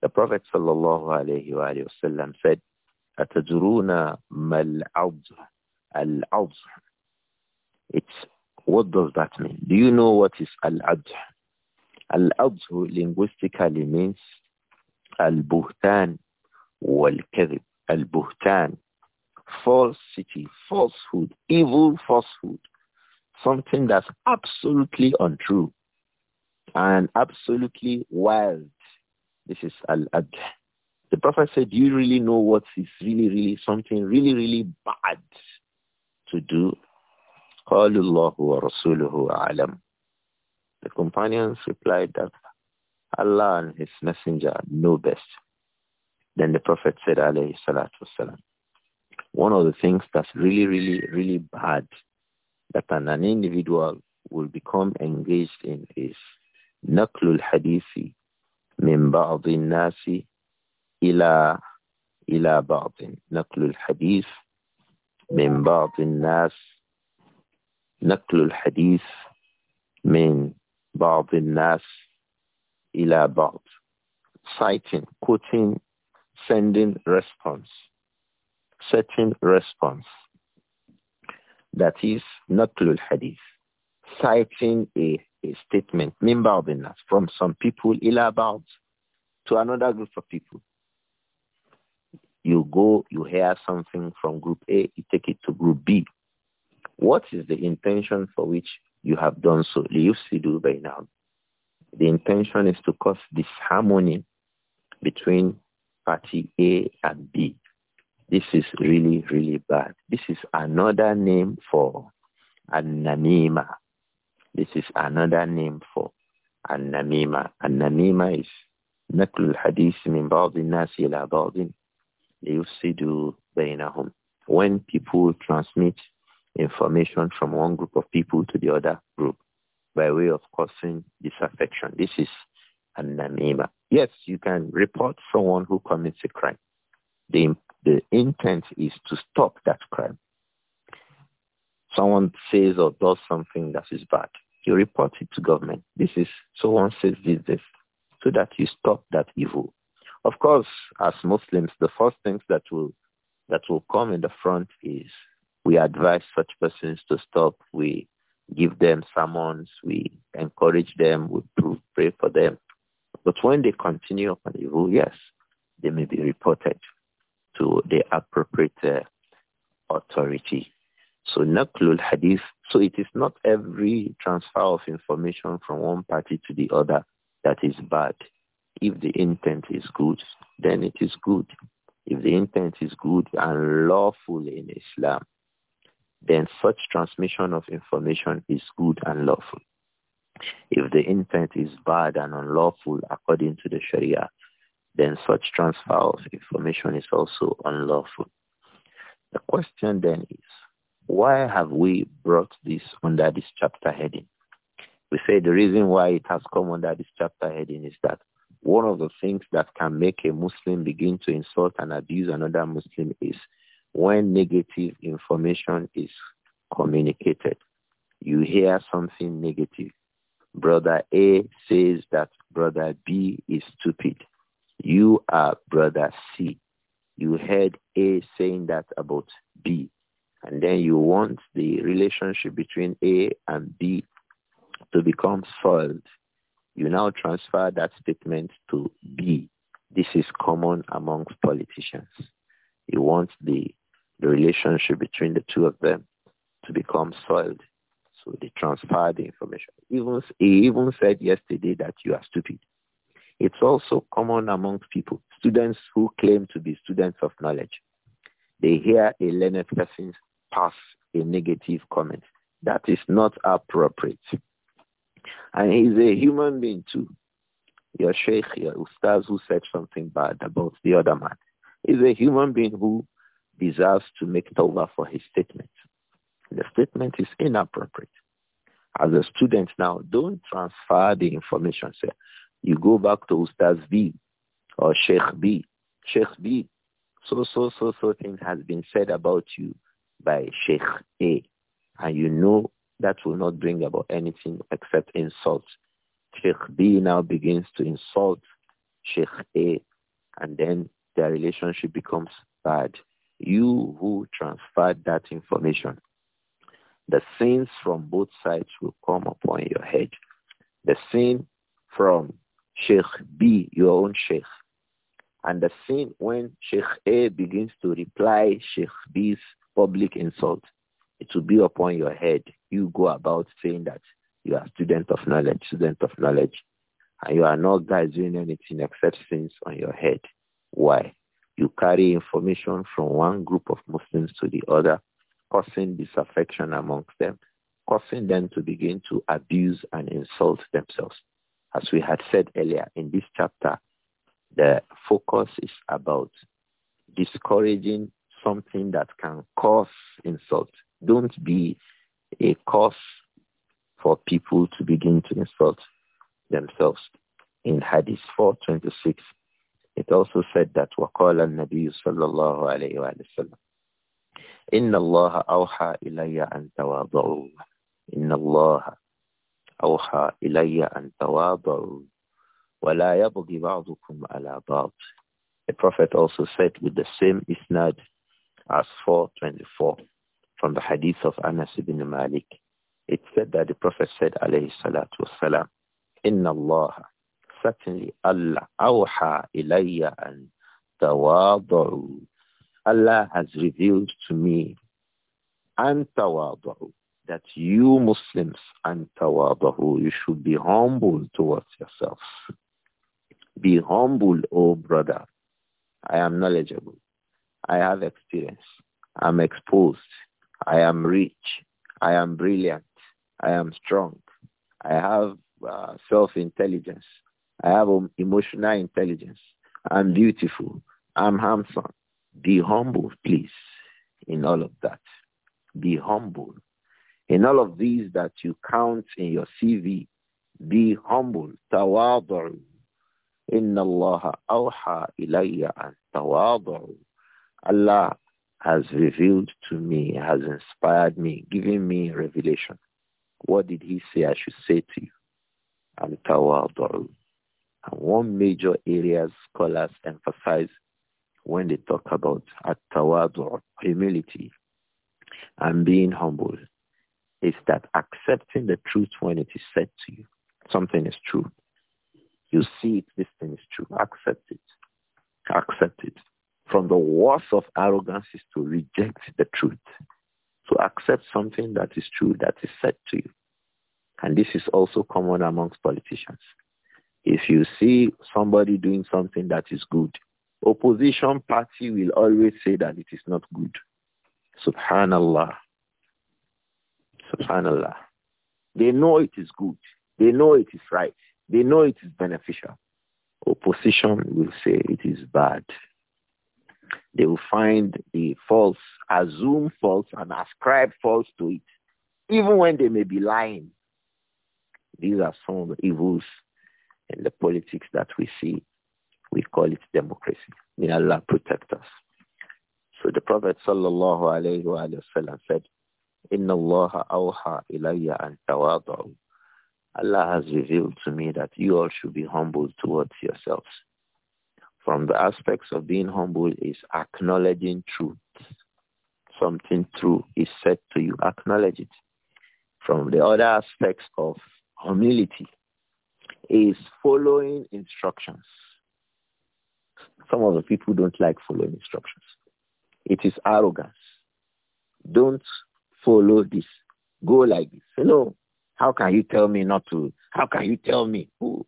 the Prophet sallallahu said, "Atadruna mal al It's what does that mean? Do you know what is al-adh? Al-adh linguistically means al-buhtan wal-kadhib. Al-buhtan, city, falsehood, evil falsehood, something that's absolutely untrue and absolutely wild this is al-adh. The Prophet said, do you really know what is really, really something really, really bad to do? The companions replied that Allah and his messenger know best. Then the Prophet said, salatu one of the things that's really, really, really bad that an individual will become engaged in is nukul hadithi من بعض الناس إلى إلى بعض نقل الحديث من بعض الناس نقل الحديث من بعض الناس إلى بعض citing, quoting, sending response, setting response. That is نقل الحديث citing a a statement, the NAS, from some people, ila about, to another group of people. You go, you hear something from group A, you take it to group B. What is the intention for which you have done so? by now. The intention is to cause disharmony between party A and B. This is really, really bad. This is another name for anamima. This is another name for An-Namima. An-Namima is نقل الحديث من بعض الناس إلى بعض ليفسد بينهم. When people transmit information from one group of people to the other group by way of causing disaffection. This is an-namima. Yes, you can report someone who commits a crime. The, the intent is to stop that crime. Someone says or does something that is bad. You report it to government. This is so one says this, this, so that you stop that evil. Of course, as Muslims, the first things that will that will come in the front is we advise such persons to stop. We give them sermons. We encourage them. We pray for them. But when they continue upon evil, yes, they may be reported to the appropriate uh, authority. So naqlul hadith so it is not every transfer of information from one party to the other that is bad. If the intent is good, then it is good. If the intent is good and lawful in Islam, then such transmission of information is good and lawful. If the intent is bad and unlawful according to the Sharia, then such transfer of information is also unlawful. The question then is, why have we brought this under this chapter heading? We say the reason why it has come under this chapter heading is that one of the things that can make a Muslim begin to insult and abuse another Muslim is when negative information is communicated. You hear something negative. Brother A says that brother B is stupid. You are brother C. You heard A saying that about B. And then you want the relationship between A and B to become solved. You now transfer that statement to B. This is common amongst politicians. You want the, the relationship between the two of them to become solved. So they transfer the information. Even, he even said yesterday that you are stupid. It's also common amongst people, students who claim to be students of knowledge. They hear a learned person pass a negative comment. That is not appropriate. And he's a human being too. Your sheikh, your ustaz who said something bad about the other man is a human being who deserves to make tawbah for his statement. The statement is inappropriate. As a student now, don't transfer the information. Say, you go back to Ustaz B or Sheikh B. Sheikh B, so, so, so, so thing has been said about you by Sheikh A, and you know that will not bring about anything except insult. Sheikh B now begins to insult Sheikh A, and then their relationship becomes bad. You who transferred that information, the sins from both sides will come upon your head. The sin from Sheikh B, your own Sheikh, and the sin when Sheikh A begins to reply Sheikh B's public insult, it will be upon your head. You go about saying that you are student of knowledge, student of knowledge, and you are not guys doing anything except things on your head. Why? You carry information from one group of Muslims to the other, causing disaffection amongst them, causing them to begin to abuse and insult themselves. As we had said earlier in this chapter, the focus is about discouraging something that can cause insult. Don't be a cause for people to begin to insult themselves. In Hadith 426, it also said that وقال النبي صلى الله عليه وسلم إن الله أوحى إلي أن تواضعوا إن الله أوحى إلي أن تواضعوا ولا يبغي بعضكم على بعض The Prophet also said with the same isnad as 424 from the hadith of Anas ibn Malik. It said that the Prophet said, alayhi salatu wasalam, Inna Allah, certainly Allah, awha ilayya an tawadu. Allah has revealed to me an tawadu, that you Muslims, an tawadu, you should be humble towards yourselves. Be humble, O brother. I am knowledgeable. I have experience. I'm exposed. I am rich. I am brilliant. I am strong. I have uh, self-intelligence. I have um, emotional intelligence. I'm beautiful. I'm handsome. Be humble, please, in all of that. Be humble. In all of these that you count in your CV, be humble. تواضع. Inna Allah أوحى إلي أن تواضعوا Allah has revealed to me, has inspired me, given me revelation. What did he say I should say to you? Al-Tawadu. And one major area scholars emphasize when they talk about At-Tawadu, humility, and being humble, is that accepting the truth when it is said to you. Something is true. You see it, this thing is true. Accept it. Accept it. From the worst of arrogance is to reject the truth. To accept something that is true, that is said to you. And this is also common amongst politicians. If you see somebody doing something that is good, opposition party will always say that it is not good. Subhanallah. Subhanallah. They know it is good. They know it is right. They know it is beneficial. Opposition will say it is bad they will find the false, assume false, and ascribe false to it, even when they may be lying. These are some of the evils in the politics that we see. We call it democracy. May Allah protect us. So the Prophet sallallahu alayhi wa sallam said, Inna Allah awha ilayya an Allah has revealed to me that you all should be humble towards yourselves. From the aspects of being humble is acknowledging truth. Something true is said to you, acknowledge it. From the other aspects of humility is following instructions. Some of the people don't like following instructions. It is arrogance. Don't follow this. Go like this. Hello. How can you tell me not to? How can you tell me? Who,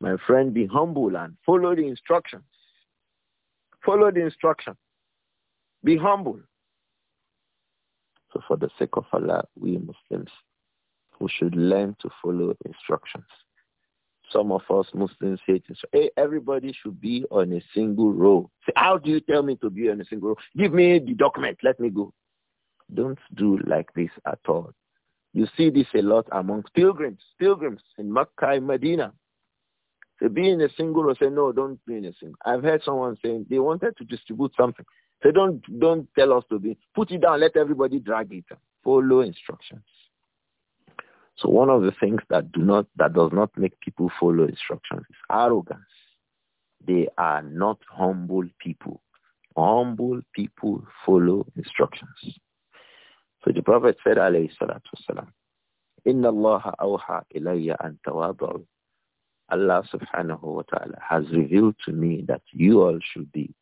my friend, be humble and follow the instructions. Follow the instructions. Be humble. So for the sake of Allah, we Muslims, we should learn to follow instructions. Some of us Muslims say, hey, everybody should be on a single row. Say, how do you tell me to be on a single row? Give me the document. Let me go. Don't do like this at all. You see this a lot amongst pilgrims, pilgrims in Makkah and Medina. So being a single or say, no, don't be in a single. I've heard someone saying they wanted to distribute something. So don't, don't tell us to be. Put it down. Let everybody drag it. Follow instructions. So one of the things that do not, that does not make people follow instructions is arrogance. They are not humble people. Humble people follow instructions. So the Prophet said, alayhi salatu wasalam, Inna اللَّهَ أَوْحَى Ilayya أَن تَوَاضَعُوا Allah subhanahu wa ta'ala has revealed to me that you all should be,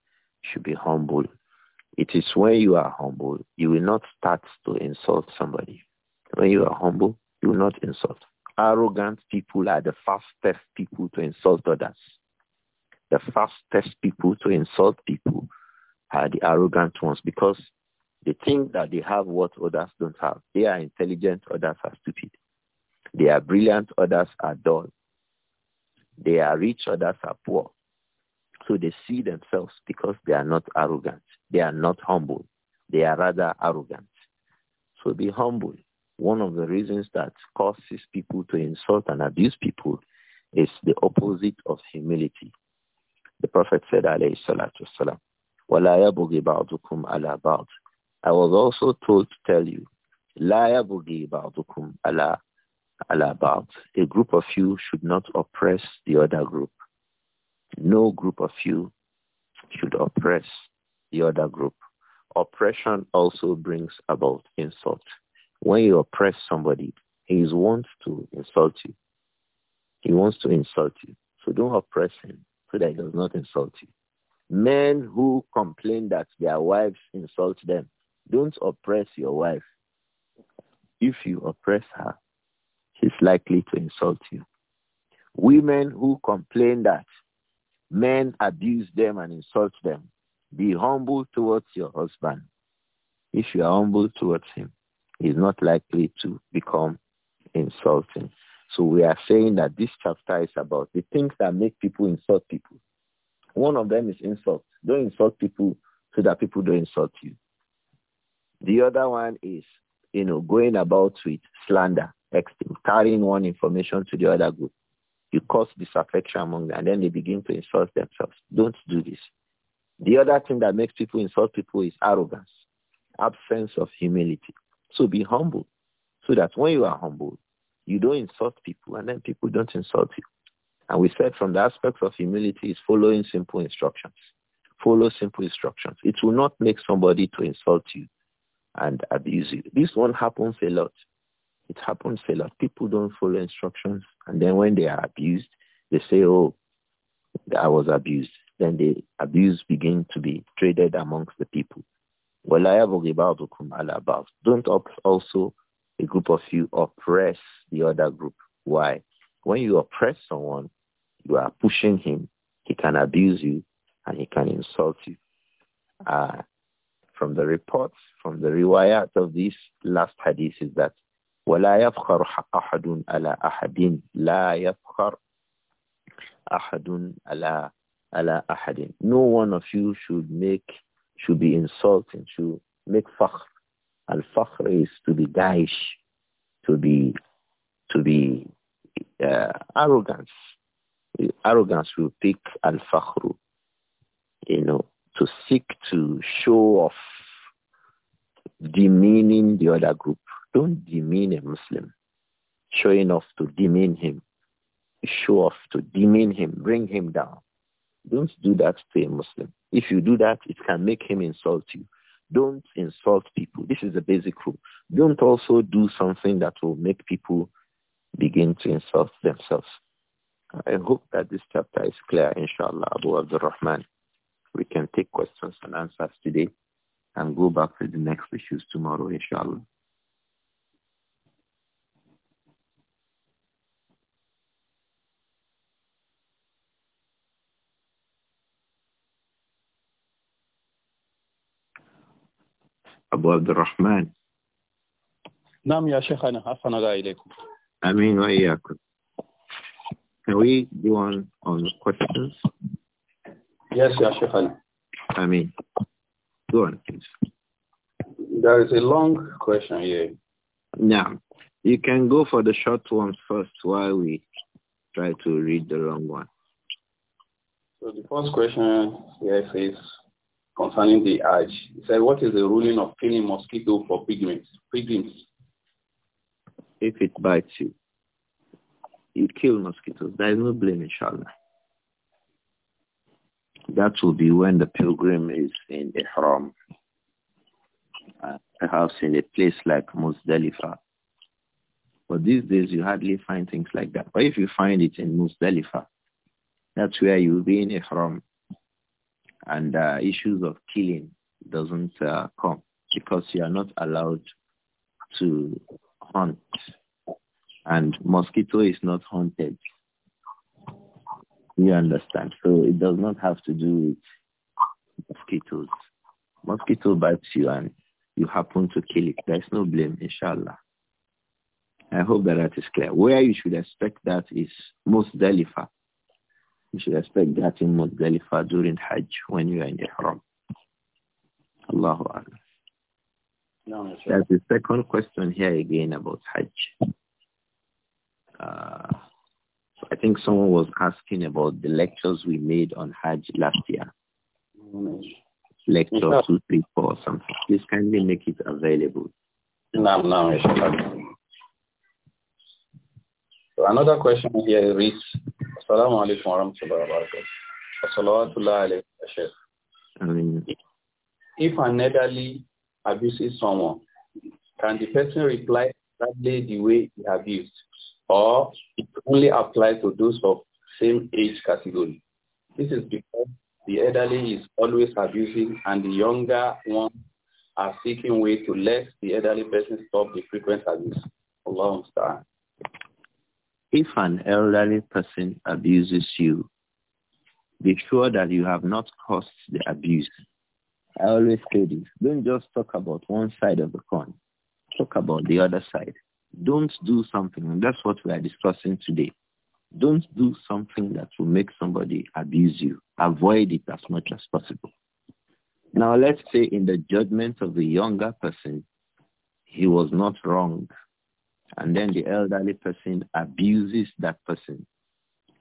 should be humble. It is when you are humble, you will not start to insult somebody. When you are humble, you will not insult. Arrogant people are the fastest people to insult others. The fastest people to insult people are the arrogant ones because they think that they have what others don't have. They are intelligent, others are stupid. They are brilliant, others are dull. They are rich, others are poor. So they see themselves because they are not arrogant. They are not humble. They are rather arrogant. So be humble. One of the reasons that causes people to insult and abuse people is the opposite of humility. The Prophet said, alayhi salatu wasalam, وَلَا يَبُغِي بَعْضُكُمْ عَلَى بَعْضٍ I was also told to tell you, لَا يَبُغِي بَعْضُكُمْ عَلَى al-about, a group of you should not oppress the other group. No group of you should oppress the other group. Oppression also brings about insult. When you oppress somebody, he wants to insult you. He wants to insult you. So don't oppress him so that he does not insult you. Men who complain that their wives insult them, don't oppress your wife. If you oppress her, he's likely to insult you. Women who complain that men abuse them and insult them, be humble towards your husband. If you are humble towards him, he's not likely to become insulting. So we are saying that this chapter is about the things that make people insult people. One of them is insult. Don't insult people so that people don't insult you. The other one is, you know, going about with slander carrying one information to the other group. You cause disaffection among them, and then they begin to insult themselves. Don't do this. The other thing that makes people insult people is arrogance, absence of humility. So be humble, so that when you are humble, you don't insult people, and then people don't insult you. And we said from the aspects of humility is following simple instructions. Follow simple instructions. It will not make somebody to insult you and abuse you. This one happens a lot. It happens a lot. People don't follow instructions. And then when they are abused, they say, oh, I was abused. Then the abuse begins to be traded amongst the people. Well, I have a Don't also a group of you oppress the other group. Why? When you oppress someone, you are pushing him. He can abuse you and he can insult you. Uh, from the reports, from the riwayat of this last hadith is that ولا يفخر حق أحد على أحد لا يفخر أحد على على أحد no one of you should make should be insulting should make فخر الفخر is to be gaish to be to be uh, arrogance arrogance will pick al-fakhru you know to seek to show off demeaning the other group don't demean a Muslim. Showing off to demean him. Show off to demean him. Bring him down. Don't do that to a Muslim. If you do that, it can make him insult you. Don't insult people. This is a basic rule. Don't also do something that will make people begin to insult themselves. I hope that this chapter is clear, inshallah, Abu Abdul Rahman. We can take questions and answers today and go back to the next issues tomorrow, inshallah. أبو عبد Rahman. نعم يا شيخنا أحسن الله إليكم أمين وإياكم Can we go on on questions? Yes, Ya Shaykhana. I mean, go on, please. There is a long question here. Now, you can go for the short ones first while we try to read the long one. So the first question here says, concerning the age, He said, what is the ruling of killing mosquito for pilgrims? Pilgrims. If it bites you, you kill mosquitoes. There is no blame, inshallah. That will be when the pilgrim is in Ihram, uh, perhaps in a place like Muzdalifah. But these days you hardly find things like that. But if you find it in Muzdalifah, that's where you'll be in Ihram and uh, issues of killing doesn't uh, come because you are not allowed to hunt and mosquito is not hunted. You understand? So it does not have to do with mosquitoes. Mosquito bites you and you happen to kill it. There's no blame, inshallah. I hope that that is clear. Where you should expect that is most Musdalifa. You should expect that in Muzdalifah during Hajj when you are in Ihram. Allahu Akbar. No, There's the second question here again about Hajj. Uh, so I think someone was asking about the lectures we made on Hajj last year. No, Lecture no. 234 or something. Please kindly make it available. No, no, so another question here reads, if an elderly abuses someone, can the person reply exactly the way he abused? Or it only applies to those of same age category? This is because the elderly is always abusing and the younger ones are seeking way to let the elderly person stop the frequent abuse. Allahumma if an elderly person abuses you, be sure that you have not caused the abuse. I always say this. Don't just talk about one side of the coin. Talk about the other side. Don't do something. That's what we are discussing today. Don't do something that will make somebody abuse you. Avoid it as much as possible. Now let's say in the judgment of the younger person, he was not wrong and then the elderly person abuses that person.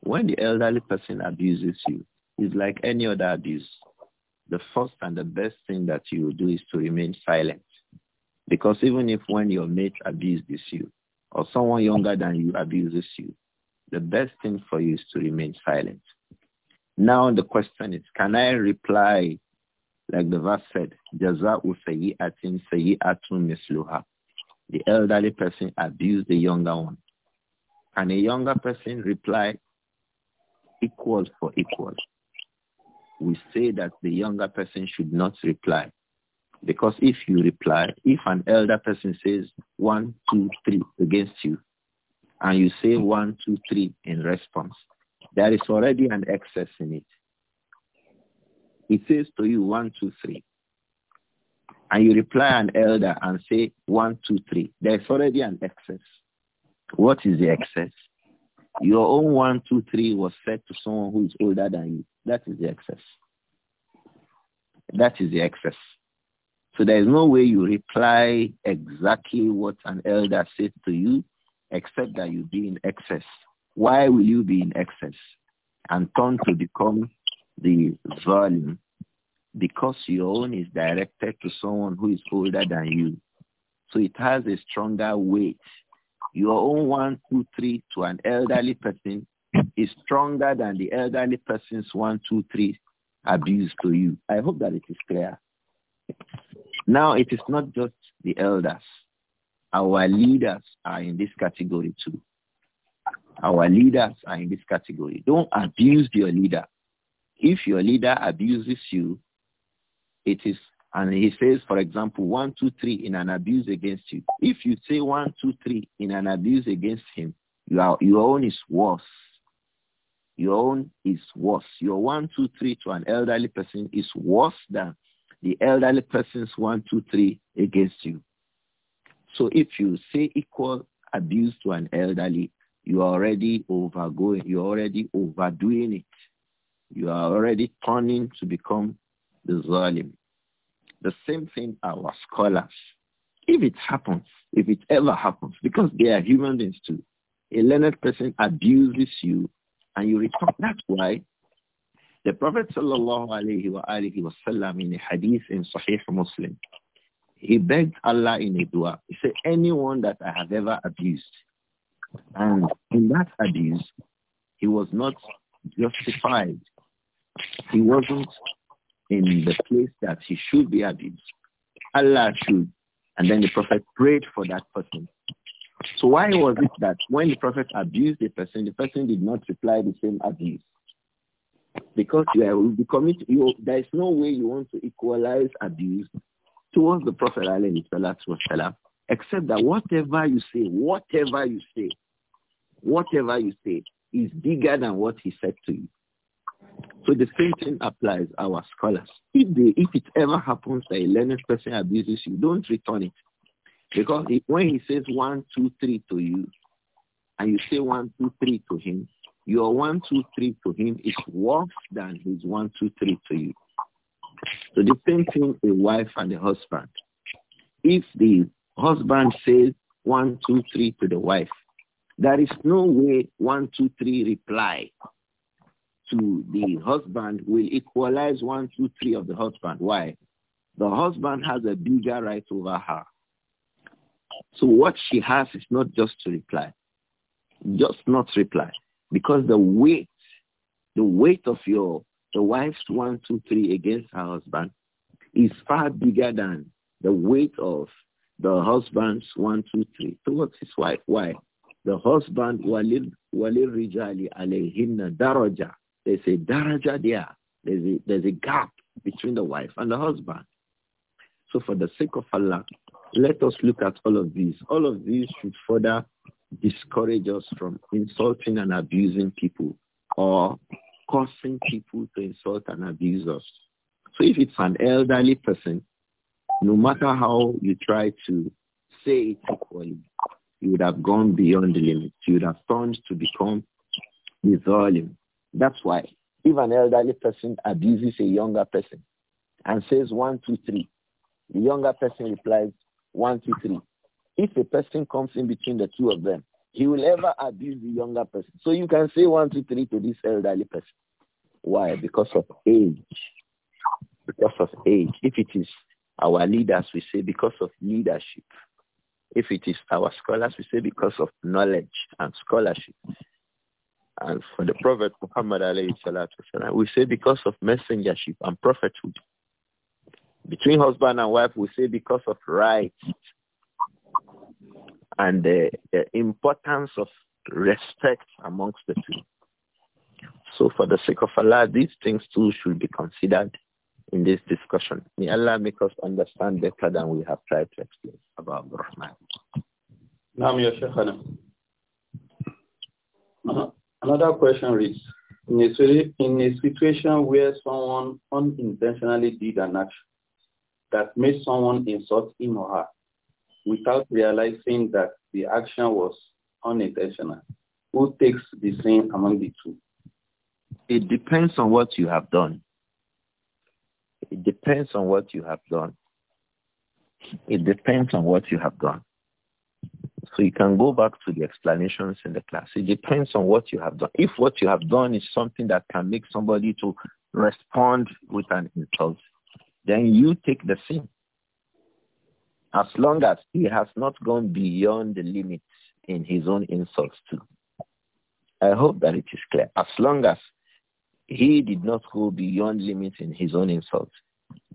When the elderly person abuses you, it's like any other abuse. The first and the best thing that you do is to remain silent. Because even if when your mate abuses you or someone younger than you abuses you, the best thing for you is to remain silent. Now the question is, can I reply like the verse said, atīn sayyi'atin atūn misluha the elderly person abused the younger one. And a younger person replied, equal for equal. We say that the younger person should not reply. Because if you reply, if an elder person says one, two, three against you, and you say one, two, three in response, there is already an excess in it. It says to you one, two, three and you reply an elder and say one, two, three, there's already an excess. What is the excess? Your own one, two, three was said to someone who is older than you. That is the excess. That is the excess. So there is no way you reply exactly what an elder said to you, except that you be in excess. Why will you be in excess and turn to become the volume because your own is directed to someone who is older than you. So it has a stronger weight. Your own one, two, three to an elderly person is stronger than the elderly person's one, two, three abuse to you. I hope that it is clear. Now, it is not just the elders. Our leaders are in this category too. Our leaders are in this category. Don't abuse your leader. If your leader abuses you, it is, and he says, for example, one, two, three in an abuse against you. If you say one, two, three in an abuse against him, you are, your own is worse. Your own is worse. Your one, two, three to an elderly person is worse than the elderly person's one, two, three against you. So if you say equal abuse to an elderly, you are already overgoing, you're already overdoing it. You are already turning to become the zalim. The same thing our scholars. If it happens, if it ever happens, because they are human beings too, a learned person abuses you and you report. That's why the Prophet sallallahu alayhi wa wa sallam in a hadith in Sahih Muslim, he begged Allah in a dua. He said, anyone that I have ever abused. And in that abuse, he was not justified. He wasn't in the place that he should be abused. Allah should. And then the Prophet prayed for that person. So why was it that when the Prophet abused the person, the person did not reply the same abuse? Because you are becoming, you, there is no way you want to equalize abuse towards the Prophet والسلام, except that whatever you say, whatever you say, whatever you say is bigger than what he said to you. So the same thing applies our scholars. If they, if it ever happens that a learned person abuses you, don't return it. Because it, when he says one, two, three to you, and you say one, two, three to him, your one, two, three to him is worse than his one, two, three to you. So the same thing a wife and a husband. If the husband says one, two, three to the wife, there is no way one, two, three reply to the husband will equalize one, two, three of the husband. Why? The husband has a bigger right over her. So what she has is not just to reply. Just not reply. Because the weight, the weight of your, the wife's one, two, three against her husband is far bigger than the weight of the husband's one, two, three towards his wife. Why? The husband, walil, walil rijali alayhinna daraja there's a daraja there. There's a, there's a gap between the wife and the husband. So for the sake of Allah, let us look at all of these. All of these should further discourage us from insulting and abusing people or causing people to insult and abuse us. So if it's an elderly person, no matter how you try to say it equally, you would have gone beyond the limit. You would have turned to become the volume. That's why if an elderly person abuses a younger person and says one, two, three, the younger person replies one, two, three. If a person comes in between the two of them, he will ever abuse the younger person. So you can say one, two, three to this elderly person. Why? Because of age. Because of age. If it is our leaders, we say because of leadership. If it is our scholars, we say because of knowledge and scholarship and for the Prophet Muhammad alayhi salatu wasalam, we say because of messengership and prophethood. Between husband and wife, we say because of rights and the, the importance of respect amongst the two. So for the sake of Allah, these things too should be considered in this discussion. May Allah make us understand better than we have tried to explain about Abdurrahman. نعم Another question reads, in a, in a situation where someone unintentionally did an action that made someone insult him or her without realizing that the action was unintentional, who takes the sin among the two? It depends on what you have done. It depends on what you have done. It depends on what you have done. So you can go back to the explanations in the class. It depends on what you have done. If what you have done is something that can make somebody to respond with an insult, then you take the sin. As long as he has not gone beyond the limits in his own insults too. I hope that it is clear. As long as he did not go beyond limits in his own insults,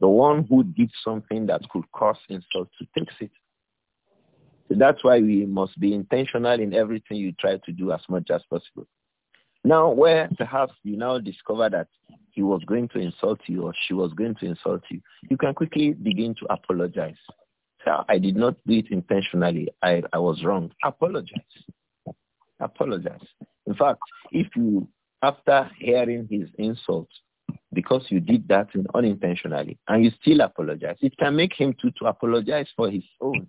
the one who did something that could cause insult to take it. So that's why we must be intentional in everything you try to do as much as possible. Now, where perhaps you now discover that he was going to insult you or she was going to insult you, you can quickly begin to apologize. I did not do it intentionally. I, I was wrong. Apologize. Apologize. In fact, if you, after hearing his insult, because you did that unintentionally and you still apologize, it can make him to, to apologize for his own.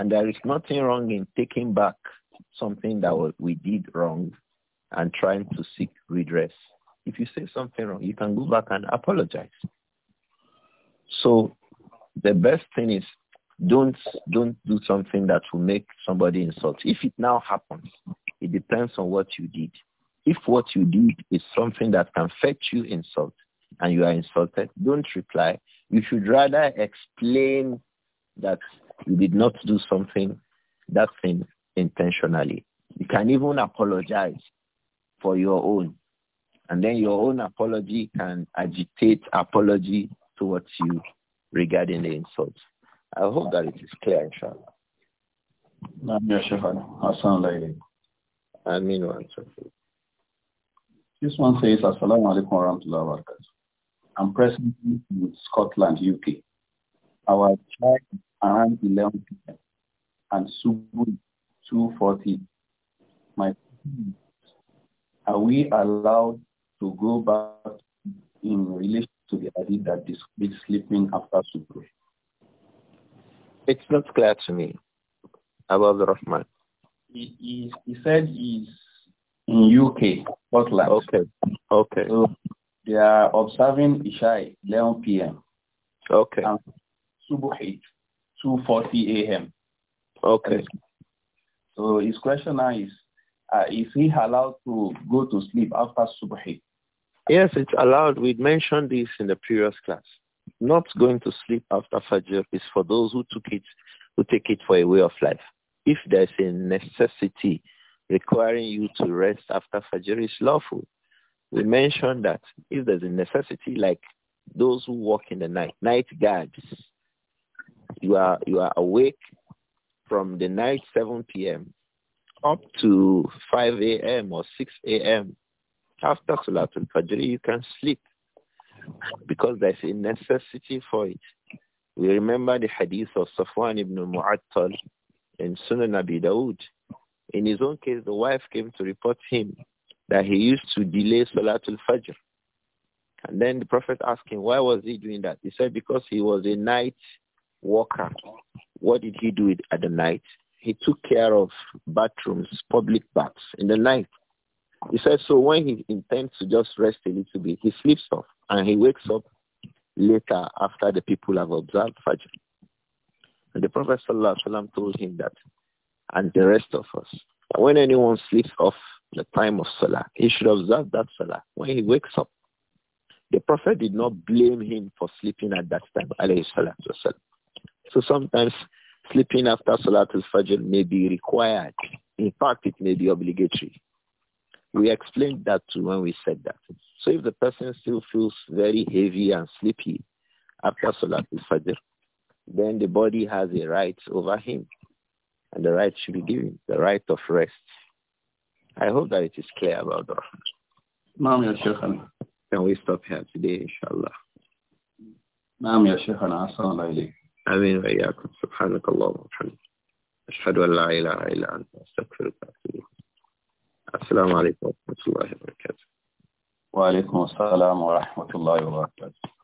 And there is nothing wrong in taking back something that we did wrong and trying to seek redress. If you say something wrong, you can go back and apologize. So the best thing is don't don't do something that will make somebody insult. If it now happens, it depends on what you did. If what you did is something that can fetch you insult and you are insulted, don't reply. You should rather explain that you did not do something, that thing intentionally. You can even apologize for your own. And then your own apology can agitate apology towards you regarding the insults. I hope that it is clear, inshallah. نعم يا شيخ حسن الله إليك آمين وأنتم This one says Assalamu alaikum wa rahmatullahi I'm present in Scotland, UK. Our child is around 11 p.m. and Subui 2.40. My, are we allowed to go back in relation to the idea that is sleeping after Subui? It's not clear to me about the Rahman. He, he, he said he's in UK, Scotland. Okay, okay. So they are observing Isha 11 p.m. Okay. And Subuhi 2.40 a.m. Okay. So his question now is, uh, is he allowed to go to sleep after subhi? Yes, it's allowed. We mentioned this in the previous class. Not going to sleep after fajr is for those who took it, who take it for a way of life. If there's a necessity requiring you to rest after fajr is lawful. We mentioned that if there's a necessity, like those who work in the night, night guards, you are, you are awake from the night 7 p.m. up to 5 a.m. or 6 a.m. After Salatul Fajr, you can sleep because there's a necessity for it. We remember the hadith of Safwan ibn Mu'attal in Sunan Abi Dawud. In his own case, the wife came to report him that he used to delay Salatul Fajr. And then the Prophet asked him, why was he doing that? He said, because he was a night worker. What did he do at the night? He took care of bathrooms, public baths in the night. He said. so when he intends to just rest a little bit, he sleeps off and he wakes up later after the people have observed Fajr. And the Prophet ﷺ told him that, and the rest of us, when anyone sleeps off the time of Salah, he should observe that Salah when he wakes up. The Prophet did not blame him for sleeping at that time, alayhi salatu wasalam. So sometimes sleeping after Salatul Fajr may be required. In fact, it may be obligatory. We explained that when we said that. So if the person still feels very heavy and sleepy after Salatul Fajr, then the body has a right over him. And the right should be given, the right of rest. I hope that it is clear about that. نعم يا Can we stop here today, inshallah? Ma'am يا شيخنا. آمين وإياكم سبحانك اللهم وبحمدك أشهد أن لا إله إلا أنت أستغفرك وأتوب السلام عليكم ورحمة الله وبركاته وعليكم السلام ورحمة الله وبركاته